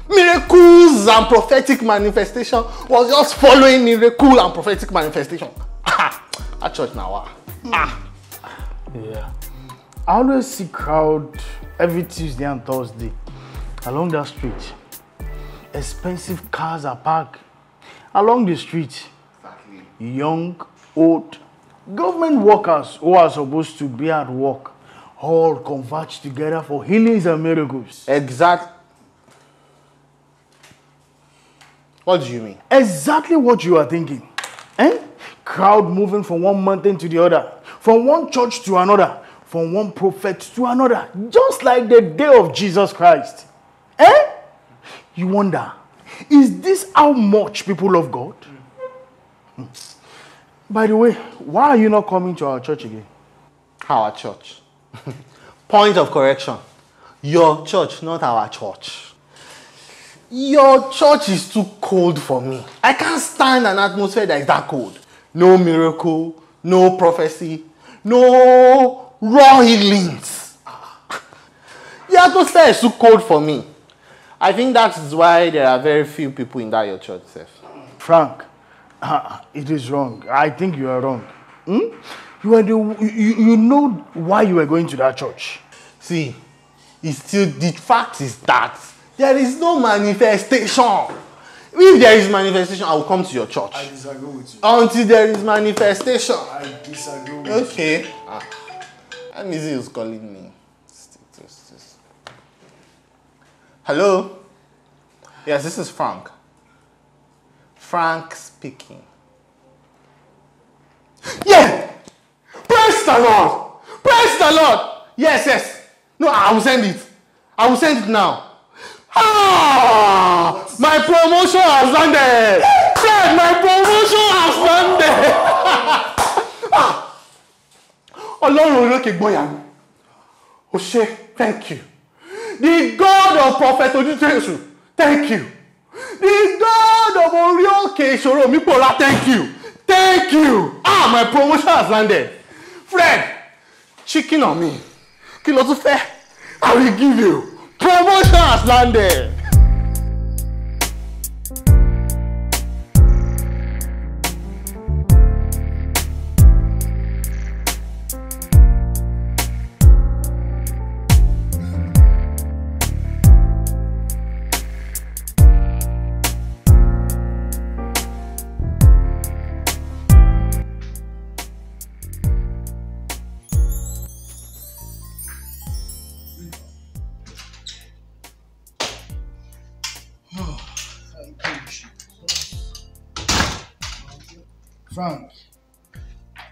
Miracles and prophetic manifestation was just following miracle and prophetic manifestation. At church now. Ah. Yeah. I always see crowd every Tuesday and Thursday along that street expensive cars are parked along the street. Exactly. Young, old, government workers who are supposed to be at work all converge together for healings and miracles. Exact. What do you mean? Exactly what you are thinking. Eh? Crowd moving from one mountain to the other, from one church to another, from one prophet to another, just like the day of Jesus Christ. Eh? you wonder, is this how much people love God? Mm. By the way, why are you not coming to our church again? Our church. [LAUGHS] Point of correction. Your church, not our church. Your church is too cold for me. I can't stand an atmosphere that is that cold. No miracle, no prophecy, no raw healings. Your atmosphere is too cold for me. I think that is why there are very few people in that your church, Seth. Frank, uh, it is wrong. I think you are wrong. Hmm? You, are the, you, you know why you were going to that church. See, it's still the fact is that there is no manifestation. If there is manifestation, I will come to your church. I disagree with you. Until there is manifestation. I disagree with okay. you. Okay. Ah. Amizi is calling me. Hello? Yes, this is Frank. Frank speaking. Yeah! Praise the Lord! Praise the Lord! Yes, yes. No, I will send it. I will send it now. Ah! My promotion has landed! Fred, my promotion has landed! [LAUGHS] Ah! Ọlọ́run olókè gbọ́yà mi. thank you. The God of Prophet Oníjésù, thank you. The God of orí òkè ìṣòro mi pòórá, thank you. Thank you. Ah, my promotion has landed. Fred, chicken on me. Kí ló tún fẹ́? I will give you. Promotion has landed.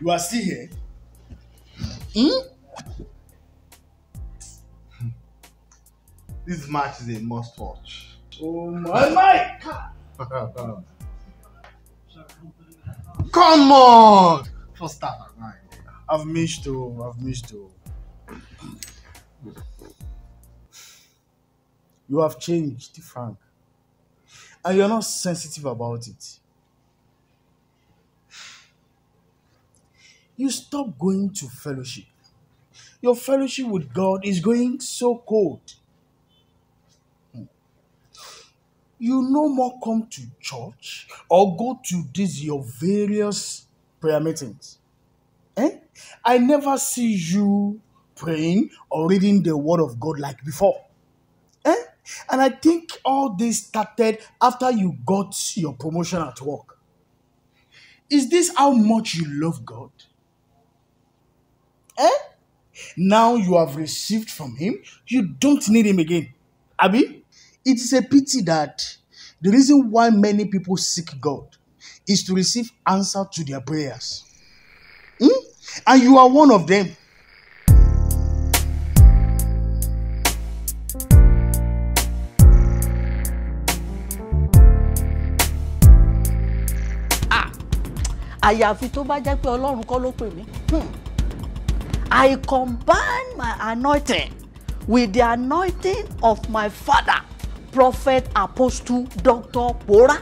You are still here. Hmm? This match is a must watch. Oh my, my God! Come on! First start at nine. I've missed you. Oh, I've missed you. Oh. You have changed, Frank. And you're not sensitive about it. you stop going to fellowship. Your fellowship with God is going so cold. Hmm. You no more come to church or go to these your various prayer meetings. Eh? I never see you praying or reading the word of God like before. Eh? And I think all this started after you got your promotion at work. Is this how much you love God? Eh? Now you have received from him, you don't need him again. Abi, it is a pity that the reason why many people seek God is to receive answer to their prayers. Hmm? And you are one of them. Ah! àyàfi tó bá jẹ́ pé ọlọ́run kọ́ ló pè mí. Hmm. I combine my anointing with the anointing of my father, Prophet Apostle Dr. Bora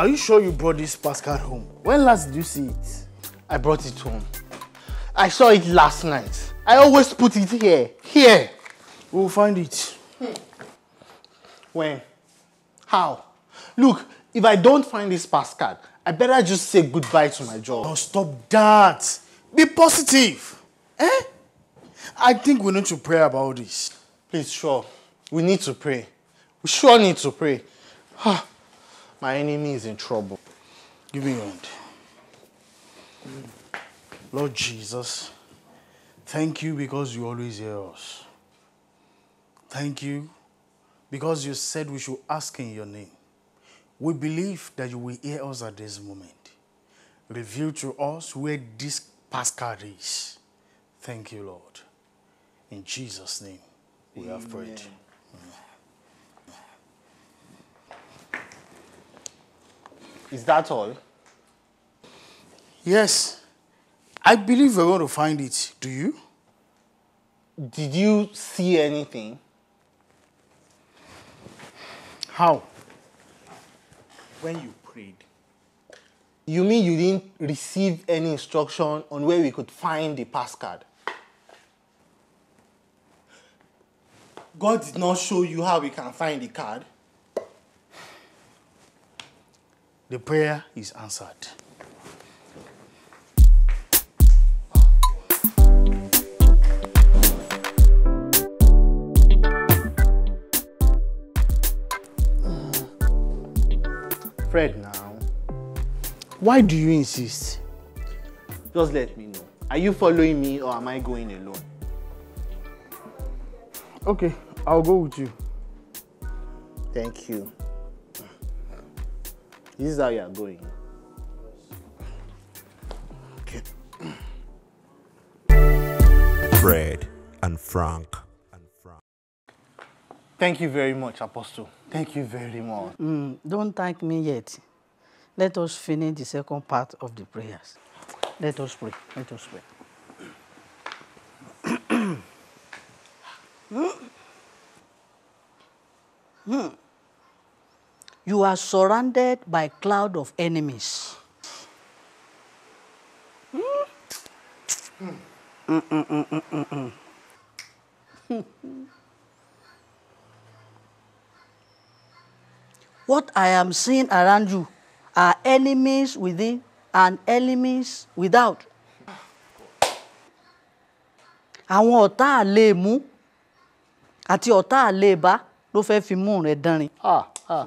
Are you sure you brought this Pascal home? When last did you see it? I brought it home. I saw it last night. I always put it here. Here. We'll find it. Hmm. When? How? Look, if I don't find this pass I better just say goodbye to my job. Now stop that. Be positive. Eh? I think we need to pray about this. Please, sure. We need to pray. We sure need to pray. Ah. My enemy is in trouble. Give me your hand. Lord Jesus, thank you because you always hear us. Thank you because you said we should ask in your name. We believe that you will hear us at this moment. Reveal to us where this Pascal is. Thank you, Lord. In Jesus' name, we Amen. have prayed. Amen. Is that all? Yes. I believe we're going to find it. Do you? Did you see anything? How? When you prayed. You mean you didn't receive any instruction on where we could find the pass card? God did not show you how we can find the card. the prayer is answered. Fred now. Why do you insist? Just let me know. Are you following me or am I going alone? Okay, I'll go with you. Thank you. This is how you are going. Fred and Frank. Thank you very much, Apostle. Thank you very much. Mm, don't thank me yet. Let us finish the second part of the prayers. Let us pray. Let us pray. [CLEARS THROAT] Hmm. hmm you are surrounded by a cloud of enemies. What I am seeing around you are enemies within and enemies without. Àwọn ọ̀tá àléèmú àti ọ̀tá àléèbá ló fẹ́ fi mú rẹ̀ dánrin. Ah, ah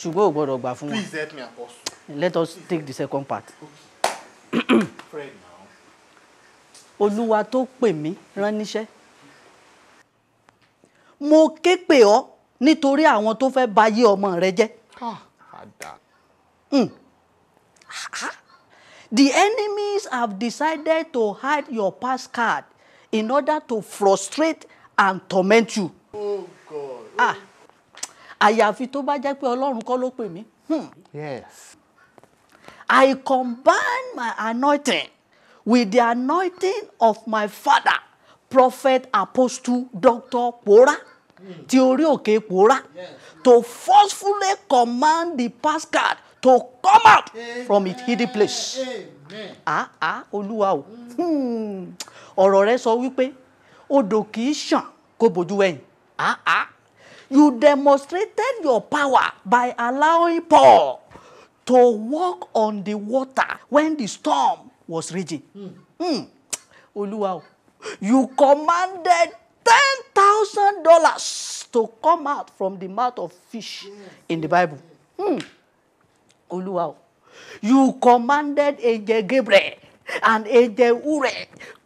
ṣùgbọ́n ò gbọ́dọ̀ gbà fún wọn. please help me apostle. let us take the second part. Okay. Fred, [CLEARS THROAT] olúwa tó pè mí rán níṣẹ́ mo ké pè ọ́ nítorí àwọn tó fẹ́ bayé ọmọ rẹ jẹ́. Ah, hmm. The enemies have decided to hide your pass card in order to frustrate and torment you. Oh God. Oh ah àyàfi tó bá jẹ́ pé ọlọ́run kọ́ ló pè mí. Hmm. yes. I combine my anointing with the anointing of my father prophet apostle doctor Pora mm. ti orí òkè Pora to forcefully command the pascal to come out Amen. from its hidden place. ah ah olúwa o hmm. ọ̀rọ̀ rẹ sọ wípé odò kìí ṣàn kó bojú wẹ̀yìn ah ah You demonstrated your power by allowing Paul to walk on the water when the storm was raging. Mm. Mm. Oluwa, you commanded ten thousand dollars to come out from the mouth of fish yes. in the Bible. Hmm. Mm. Oluwa, you commanded angel Gabriel and angel Ure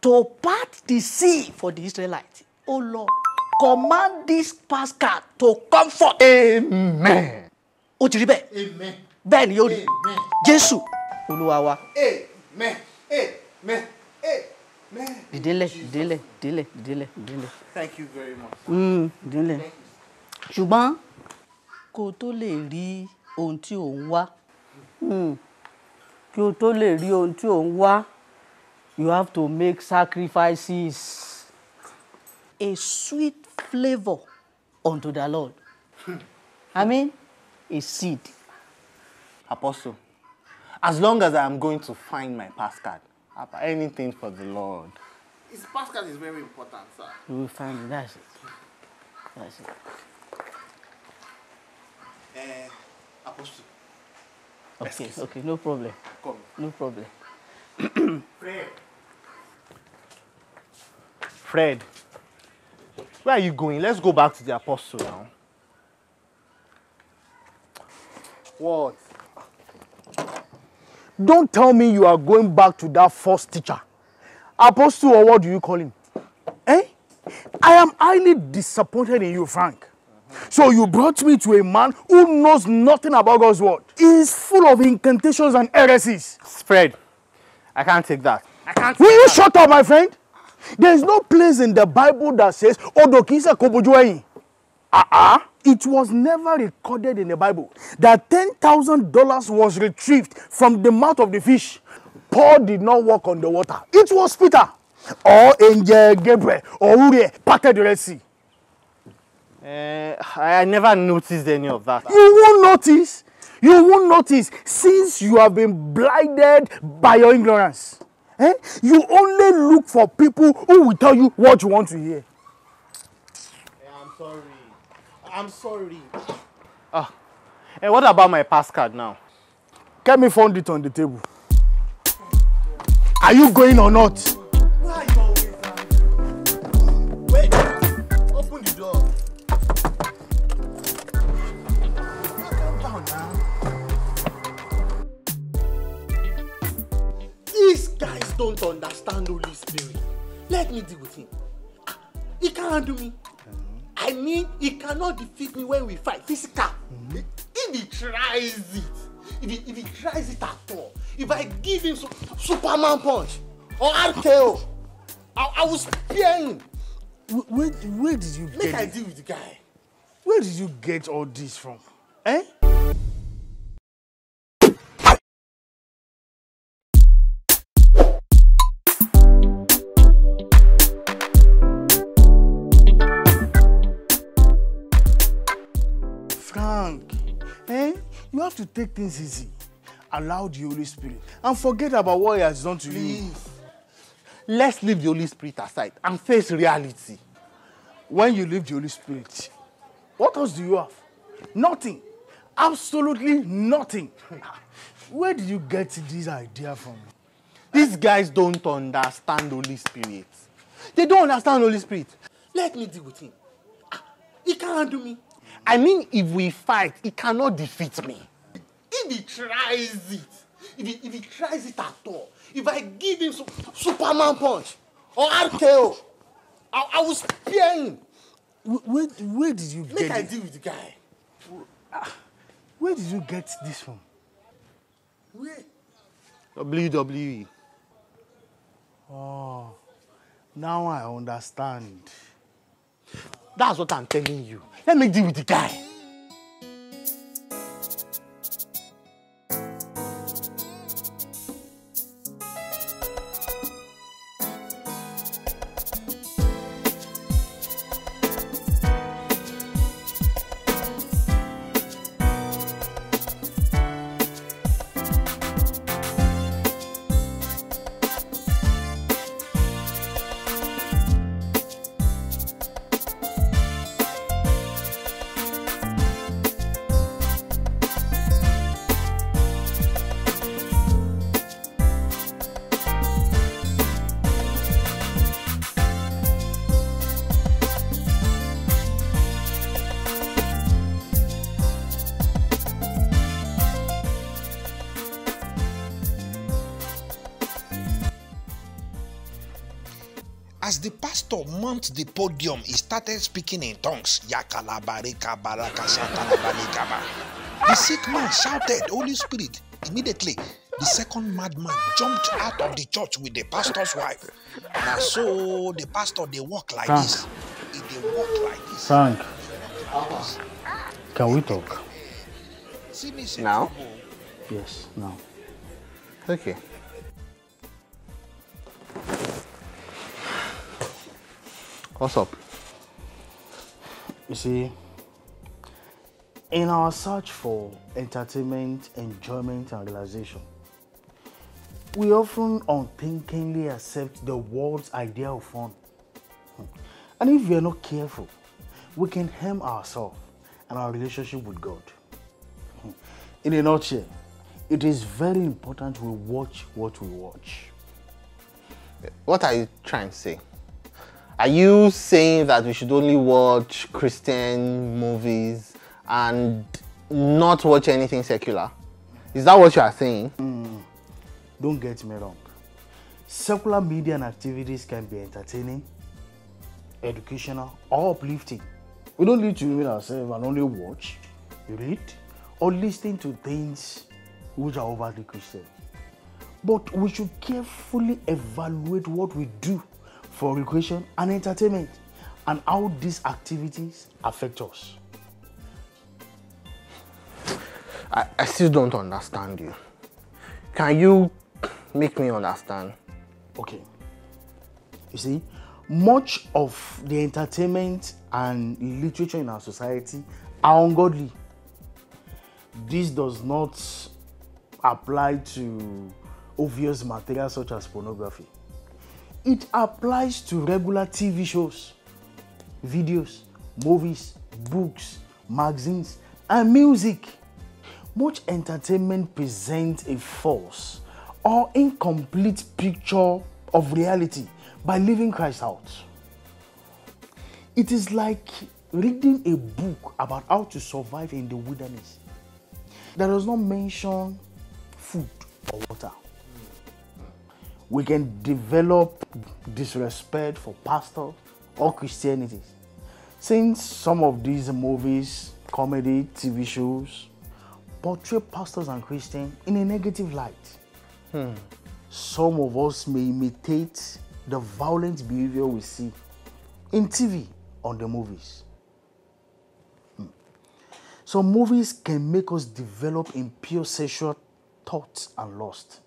to part the sea for the Israelites. Oh Lord command this Pascal to comfort. amen. ó ti rí bẹ́ẹ̀. amen. bẹ́ẹ̀ ni yóò rí. amen. jésù olúwa wa. amen. amen. amen. dìdínlẹ̀ dìdínlẹ̀ dìdínlẹ̀ dìdínlẹ̀ dìdínlẹ̀. thank you very much. dìdínlẹ̀ mm, ṣùgbọ́n kó o tó lè rí ohun tí ò ń wá mm. kí o tó lè rí ohun tí ò ń wá you have to make sacrifices. a sweet flavor unto the Lord. Hmm. I mean, a seed. Apostle, as long as I am going to find my passcard, anything for the Lord. His passcard is very important, sir. You will find it. That's it. That's it. Uh, Apostle. Okay, Excuse okay, no problem. Come. No problem. Fred. Fred. Where are you going? Let's go back to the apostle now. What? Don't tell me you are going back to that false teacher. Apostle or what do you call him? Eh? I am highly disappointed in you, Frank. So you brought me to a man who knows nothing about God's word. He is full of incantations and heresies. Spread. I can't take that. I can't Will you that. shut up, my friend? There is no place in the Bible that says Odo kisa í ṣe kó Uh-uh. It was never recorded in the Bible that ten thousand dollars was retrieved from the mouth of the fish. Paul did not walk on the water. It was Peter or Angel Gabriel or Uriel parted the Red Sea. Uh, I never noticed any of that. You won't notice. You won't notice since you have been blinded by your ignorance. Eh? You only look for people who will tell you what you want to hear. Hey, eh, I'm sorry. I'm sorry. Ah. Hey, eh, what about my pass card now? me found it on the table. Are you going or not? don't understand Holy Spirit. Let me deal with him. Ah, he can't handle me. I mean, he cannot defeat me when we fight physical. Mm-hmm. If he tries it, if he, if he tries it at all, if I give him some Superman punch or RKO, I, I will spear him. Where, where did you Make get Make I deal with the guy. Where did you get all this from? Eh? Frank, eh? You have to take things easy. Allow the Holy Spirit and forget about what he has done to Please. you. Let's leave the Holy Spirit aside and face reality. When you leave the Holy Spirit, what else do you have? Nothing. Absolutely nothing. [LAUGHS] Where did you get this idea from? These guys don't understand Holy Spirit. They don't understand Holy Spirit. Let me deal with him. Ah, he can't handle me. I mean, if we fight, he cannot defeat me. If he tries it, if he, if he tries it at all, if I give him some Superman punch or RKO, I, I will spear him. Where, where did you Make get I it? deal with the guy. Ah, where did you get this from? Where? WWE. Oh, now I understand. That's what I'm telling you. Let me deal with the guy. jumped the podium, he started speaking in tongues. The sick man shouted, Holy Spirit. Immediately, the second madman jumped out of the church with the pastor's wife. Now, so the pastor, they walk like Frank. this. They walk like this. Frank, can we talk? now? Yes, now. Okay. What's up? You see, in our search for entertainment, enjoyment, and realization, we often unthinkingly accept the world's idea of fun. Hmm. And if we are not careful, we can harm ourselves and our relationship with God. Hmm. In a nutshell, it is very important we watch what we watch. What are you trying to say? Are you saying that we should only watch Christian movies and not watch anything secular? Is that what you are saying? Mm, don't get me wrong. Secular media and activities can be entertaining, educational, or uplifting. We don't need to limit ourselves and only watch, read, or listen to things which are overly Christian. But we should carefully evaluate what we do for recreation and entertainment and how these activities affect us. I, I still don't understand you. Can you make me understand? Okay. You see, much of the entertainment and literature in our society are ungodly. This does not apply to obvious material such as pornography. It applies to regular TV shows, videos, movies, books, magazines, and music. Much entertainment presents a false or incomplete picture of reality by leaving Christ out. It is like reading a book about how to survive in the wilderness that does not mention food or water we can develop disrespect for pastors or Christianity. Since some of these movies, comedy, TV shows portray pastors and Christians in a negative light. Hmm. Some of us may imitate the violent behavior we see in TV on the movies. Hmm. So movies can make us develop impure sexual thoughts and lust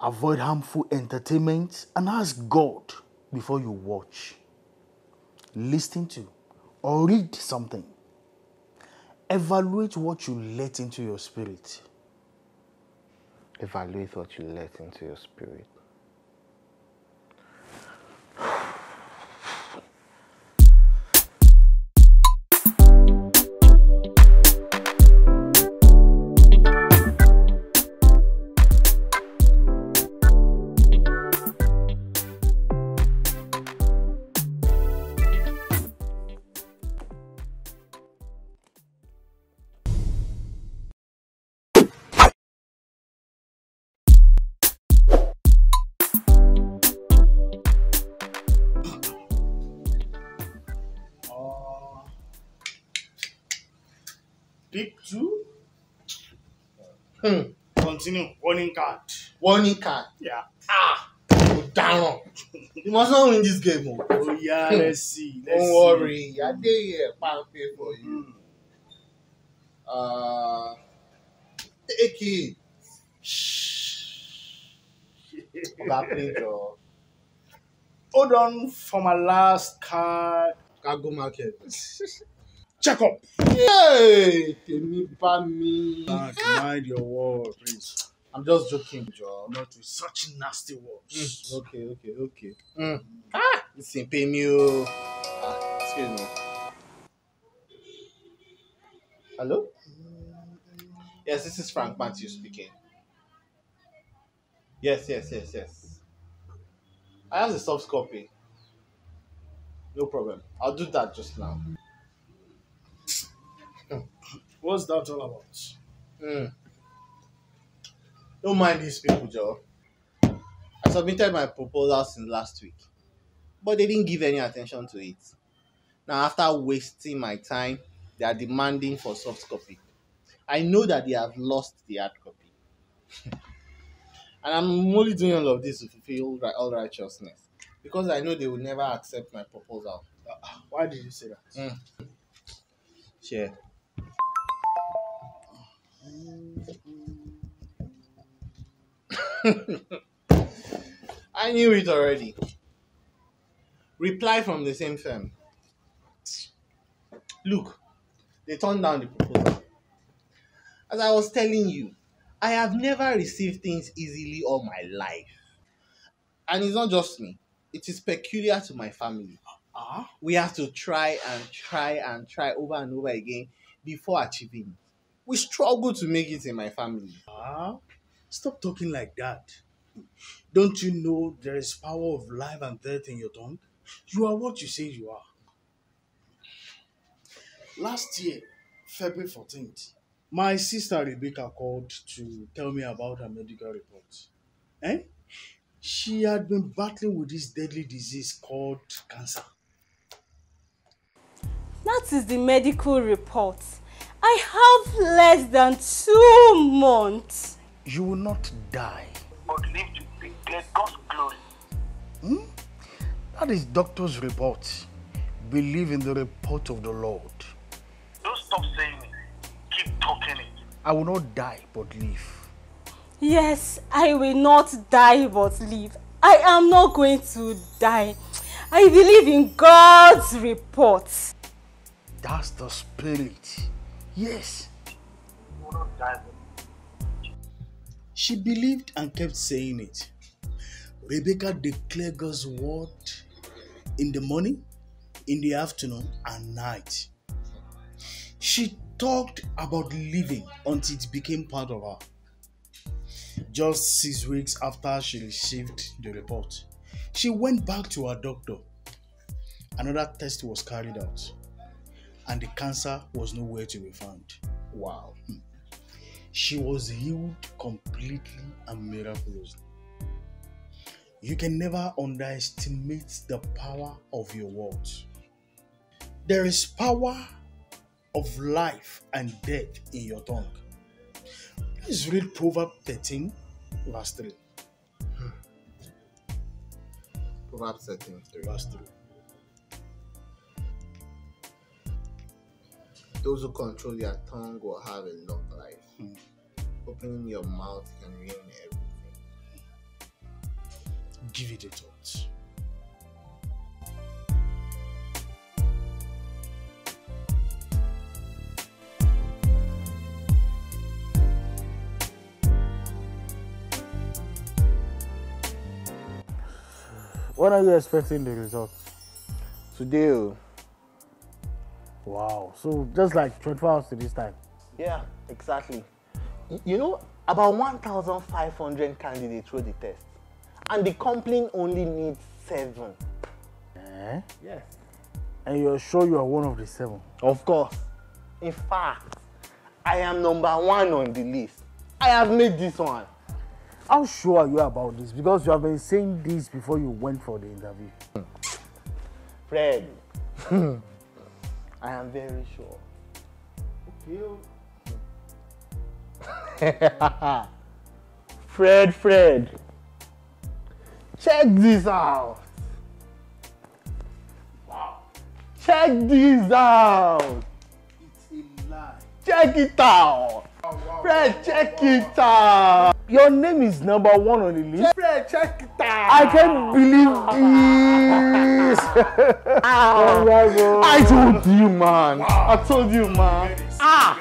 avoid harmful entertainment, and ask God before you watch, listen to, or read something. Evaluate what you let into your spirit. Evaluate what you let into your spirit. sínú warning card. warning card. Yeah. ah ọ̀daràn you must not win this game o. oya oh, yeah, hmm. let's see let's see. don't worry adeye pampe for you. Mm. Uh, take it. That picture. Hold on for my last card. Cargo market. [LAUGHS] check up. tèmi bá mi. mind your word please. I'm just joking, Joe. Not with such nasty words. Mm. Okay, okay, okay. Mm. Ah, it's in pay me. Ah, excuse me. Hello? Yes, this is Frank Matthew speaking. Yes, yes, yes, yes. I have the soft copy. No problem. I'll do that just now. What's that all about? Mm. Don't mind these people, Joe. I submitted my proposal since last week, but they didn't give any attention to it. Now, after wasting my time, they are demanding for soft copy. I know that they have lost the hard copy. [LAUGHS] and I'm only doing all of this to fulfill all righteousness because I know they will never accept my proposal. Ah, why did you say that? Mm. Sure. [LAUGHS] I knew it already. Reply from the same firm. Look, they turned down the proposal. As I was telling you, I have never received things easily all my life. And it's not just me, it is peculiar to my family. Uh-huh. We have to try and try and try over and over again before achieving. We struggle to make it in my family. Uh-huh. Stop talking like that. Don't you know there is power of life and death in your tongue? You are what you say you are. Last year, February 14th, my sister Rebecca called to tell me about her medical report. Eh? She had been battling with this deadly disease called cancer. That is the medical report. I have less than two months. you will not die. But live to declare God's glory. Hmm? That is doctor's report. Believe in the report of the Lord. Don't stop saying it. Keep talking it. I will not die but live. Yes, I will not die but live. I am not going to die. I believe in God's report. That's the spirit. Yes. You will not die but She believed and kept saying it. Rebecca declared God's word in the morning, in the afternoon, and night. She talked about living until it became part of her. Just six weeks after she received the report, she went back to her doctor. Another test was carried out, and the cancer was nowhere to be found. Wow. Hmm she was healed completely and miraculously. You can never underestimate the power of your words. There is power of life and death in your tongue. Please read Proverbs 13, verse 3. Hmm. Proverbs 13, Verse 3. Those who control their tongue will have a long life. Mm. Opening your mouth can ruin everything. Give it a thought. When are you expecting the results? Today. Oh, Wow. So just like 24 hours to this time. Yeah, exactly. You know, about 1,500 candidates wrote the test, and the company only needs seven. Eh? Yes. And you're sure you are one of the seven? Of course. In fact, I am number one on the list. I have made this one. How sure are you about this? Because you have been saying this before you went for the interview. Hmm. Fred, hmm. I am very sure. Okay o. [LAUGHS] Fred Fred check this out. Wow. Check this out. It's a lie. Check it out. Wow, wow, Fred, wow, check wow, it wow. out. Your name is number one on the list. Fred, check I can't believe ah. this. Ah. Oh I told you, man. I told you, man. Ah.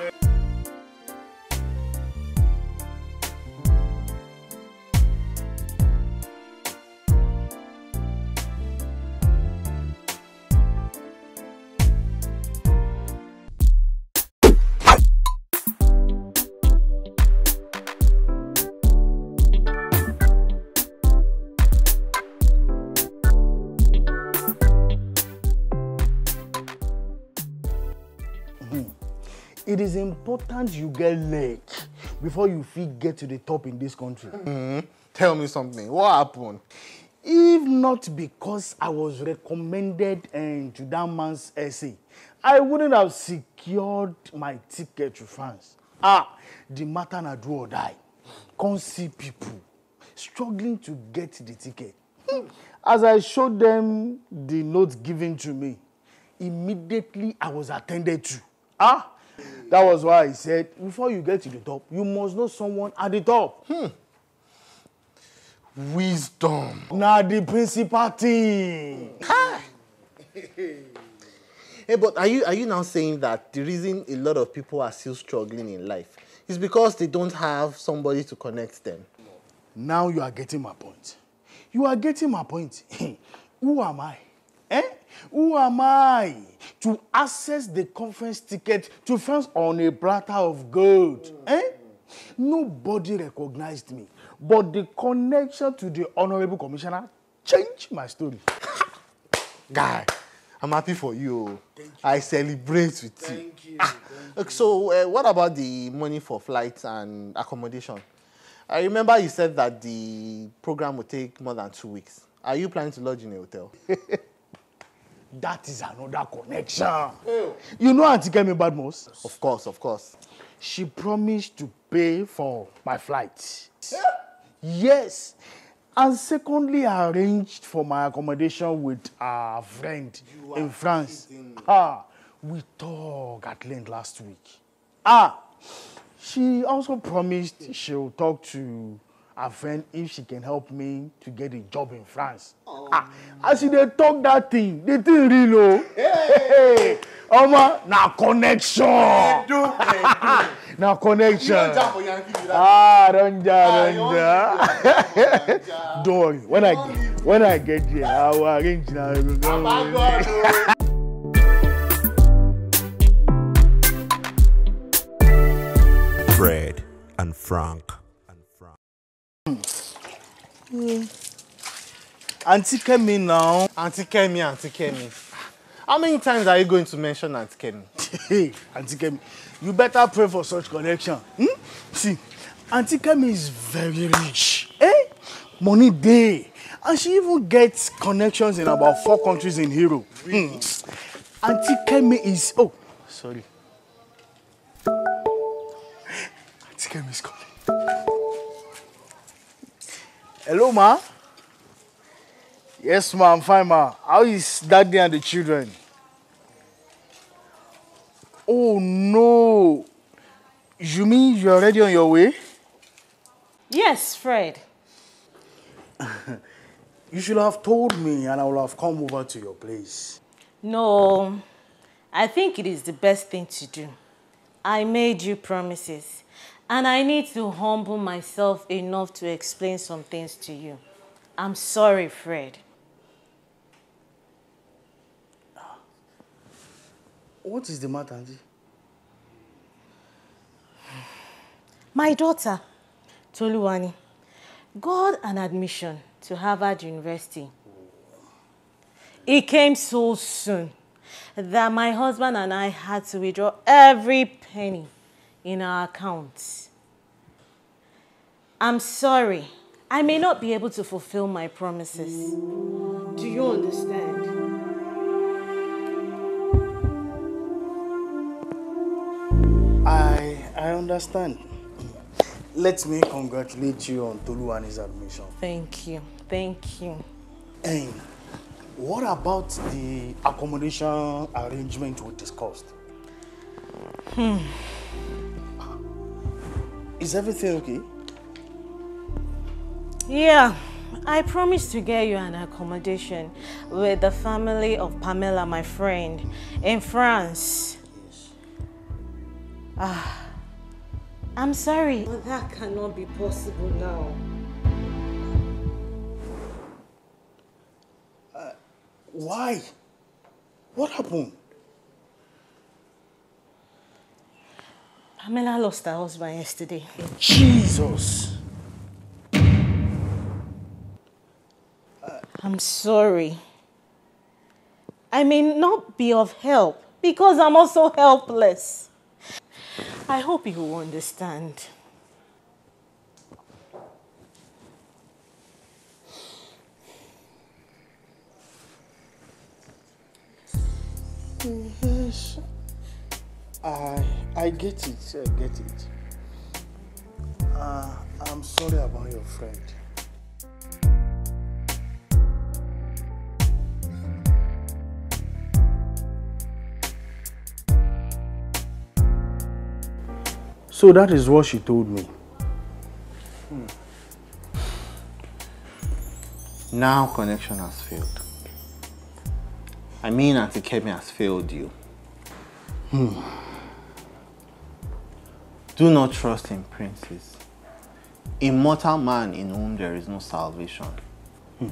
it is important you get leg before you fit get to the top in this country. Mm -hmm. Tell me something, what happened? If not because I was recommended um, to that man's essay, I wouldn't have secured my ticket to France. Ah, the matter na do or die. Come see people struggling to get the ticket. Hmm. As I showed them the note given to me, immediately I was attended to. Ah, That was why he said, before you get to the top, you must know someone at the top. Hmm. Wisdom. Now the principal thing. Ah. hey, but are you are you now saying that the reason a lot of people are still struggling in life is because they don't have somebody to connect them? Now you are getting my point. You are getting my point. [LAUGHS] Who am I? Eh? Who am I to access the conference ticket to France on a platter of gold? Eh? Nobody recognized me, but the connection to the Honorable Commissioner changed my story. [LAUGHS] Guy, I'm happy for you. Thank you. I celebrate with Thank you. you. Ah. Thank you. So, uh, what about the money for flights and accommodation? I remember you said that the program would take more than two weeks. Are you planning to lodge in a hotel? [LAUGHS] that is another connection. Ew. You know Auntie Kemi Badmus? Of course, of course. She promised to pay for my flight. Yeah. Yes. And secondly, I arranged for my accommodation with a friend you in France. Ah, we talked at length last week. Ah, she also promised she'll talk to A friend if she can help me to get a job in France. Oh. Ah, as they talk that thing, the thing real o. Oh. Hey. Oma, na connection. Edo, [LAUGHS] na connection. You don't jump for Yankee. Ah, don't ah, don't [LAUGHS] Don't worry. When I get, when I get there, I will arrange now. Oh my God. Oh. Fred and Frank. Hmm. Auntie Kemi now. Auntie Kemi, Auntie Kemi. How many times are you going to mention Auntie Kemi? Hey, Auntie Kemi, you better pray for such connection. Hmm? See, Auntie Kemi is very rich. Eh? Money day. And she even gets connections in about four countries in Europe. Really? Hmm. Auntie Kemi is... Oh, sorry. Auntie Kemi is calling. Hello, ma. Yes, ma. I'm fine, ma. How is daddy and the children? Oh, no. You mean you're already on your way? Yes, Fred. [LAUGHS] you should have told me and I would have come over to your place. No, I think it is the best thing to do. I made you promises And I need to humble myself enough to explain some things to you. I'm sorry, Fred. What is the matter, Angie? My daughter, Toluwani, got an admission to Harvard University. It came so soon that my husband and I had to withdraw every penny in our accounts. I'm sorry. I may not be able to fulfill my promises. Do you understand? I, I understand. Let me congratulate you on Tolu and his admission. Thank you. Thank you. And what about the accommodation arrangement we discussed? Hmm. Is everything okay? Yeah, I promised to get you an accommodation with the family of Pamela, my friend, in France. Yes. Ah, I'm sorry. But that cannot be possible now. Uh, why? What happened? Pamela lost her husband yesterday. Jesus! Uh, I'm sorry. I may not be of help because I'm also helpless. I hope you will understand. Mm -hmm. I I get it. I get it. Uh, I'm sorry about your friend. So that is what she told me. Hmm. Now connection has failed. I mean, Auntie Kemi has failed you. Hmm. Do not trust in princes, Immortal mortal man in whom there is no salvation. Hmm.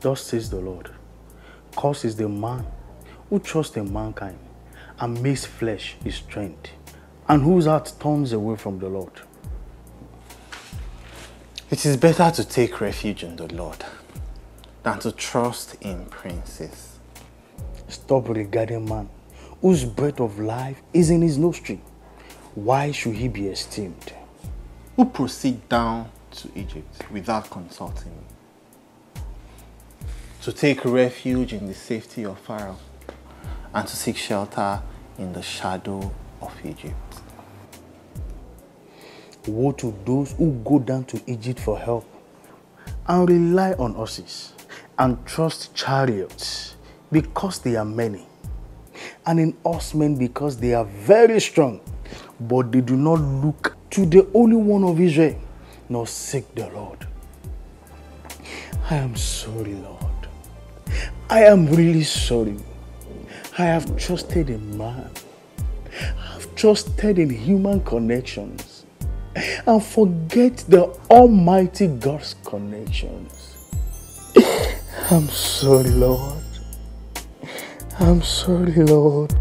Thus says the Lord, Cause is the man who trusts in mankind and makes flesh his strength, and whose heart turns away from the Lord. It is better to take refuge in the Lord than to trust in princes. Stop regarding man whose breath of life is in his nostril why should he be esteemed? Who proceed down to Egypt without consulting me? To take refuge in the safety of Pharaoh and to seek shelter in the shadow of Egypt. Woe to those who go down to Egypt for help and rely on horses and trust chariots because they are many and in horsemen because they are very strong but they do not look to the only one of Israel, nor seek the Lord. I am sorry, Lord. I am really sorry. I have trusted in man. I've trusted in human connections and forget the Almighty God's connections. [COUGHS] I'm sorry, Lord. I'm sorry, Lord.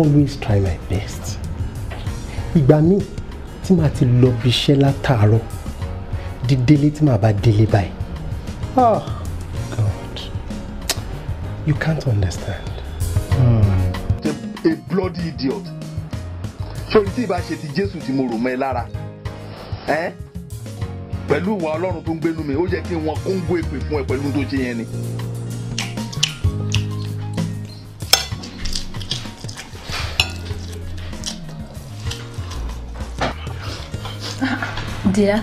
always try my best ìgbà míì tí màá ti lọ bí iṣẹ́ látàárọ̀ di délé tí màá bá délé báyìí oh God you can't understand. Hmm. a bloody idiot sori tí ìbá ṣe ti Jésù tí mo rò mọ́ ẹ lára pẹ̀lú ìwà Ọlọ́run tó ń gbénu mi ó yẹ kí wọ́n kóńgó èpè fún ẹ pẹ̀lú tó ṣe yẹn ni. dìá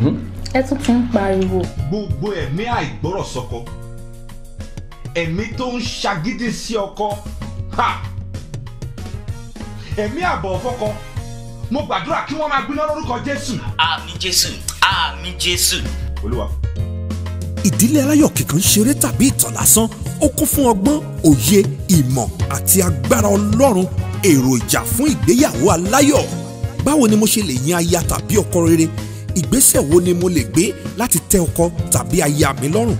mhm. ẹ tún ti ń pariwo. gbogbo ẹ̀mí àìgbọ́rọ̀ sọ́kọ ẹ̀mí tó ń ṣagídí sí ọkọ ẹ̀mí àbọ̀ fọ́kọ mo gbàdúrà kí wọ́n máa gbiná lórúkọ jésù. àmín jésù àmín jésù. olúwa. ìdílé aláyọ̀ kíkan ṣeré tàbí ìtàn lásán ó kún fún ọgbọ́n òye ìmọ̀ àti agbára ọlọ́run èròjà fún ìgbéyàwó aláyọ̀ báwo ni mo ṣe lè yan aya tàbí ọkọ rere ìgbésẹ̀ wo ni mo lè gbé láti tẹ ọkọ tàbí aya mi lọ́rùn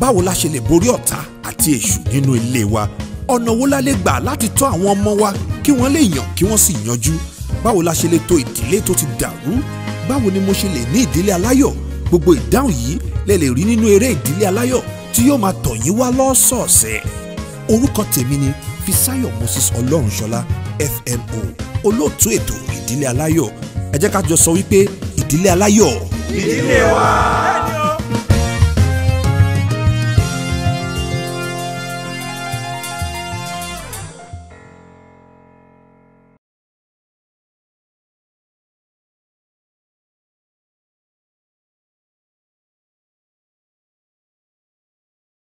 báwo la ṣe lè borí ọ̀tá àti èṣù nínú ilé wa ọ̀nà wo la lè gbà láti tọ́ àwọn ọmọ wa kí wọ́n lè yàn kí wọ́n sì yanjú báwo la ṣe lè tò ìdílé tó ti dàrú báwo ni mo ṣe lè ní ìdílé aláyọ̀ gbogbo ìdáhùn yìí lè lè rí nínú eré ìdílé aláyọ̀ tí yóò máa tọ̀ yín wá lọ́sọ̀ọ̀sẹ̀ orúkọ tèmi ni Fisáyọ̀ Moses Ọlọ́runṣọlá FMO olóòtú ètò ìdílé aláyọ̀ ẹ jẹ́ ká jọ sọ wípé ìdílé aláyọ̀. ìdílé wa.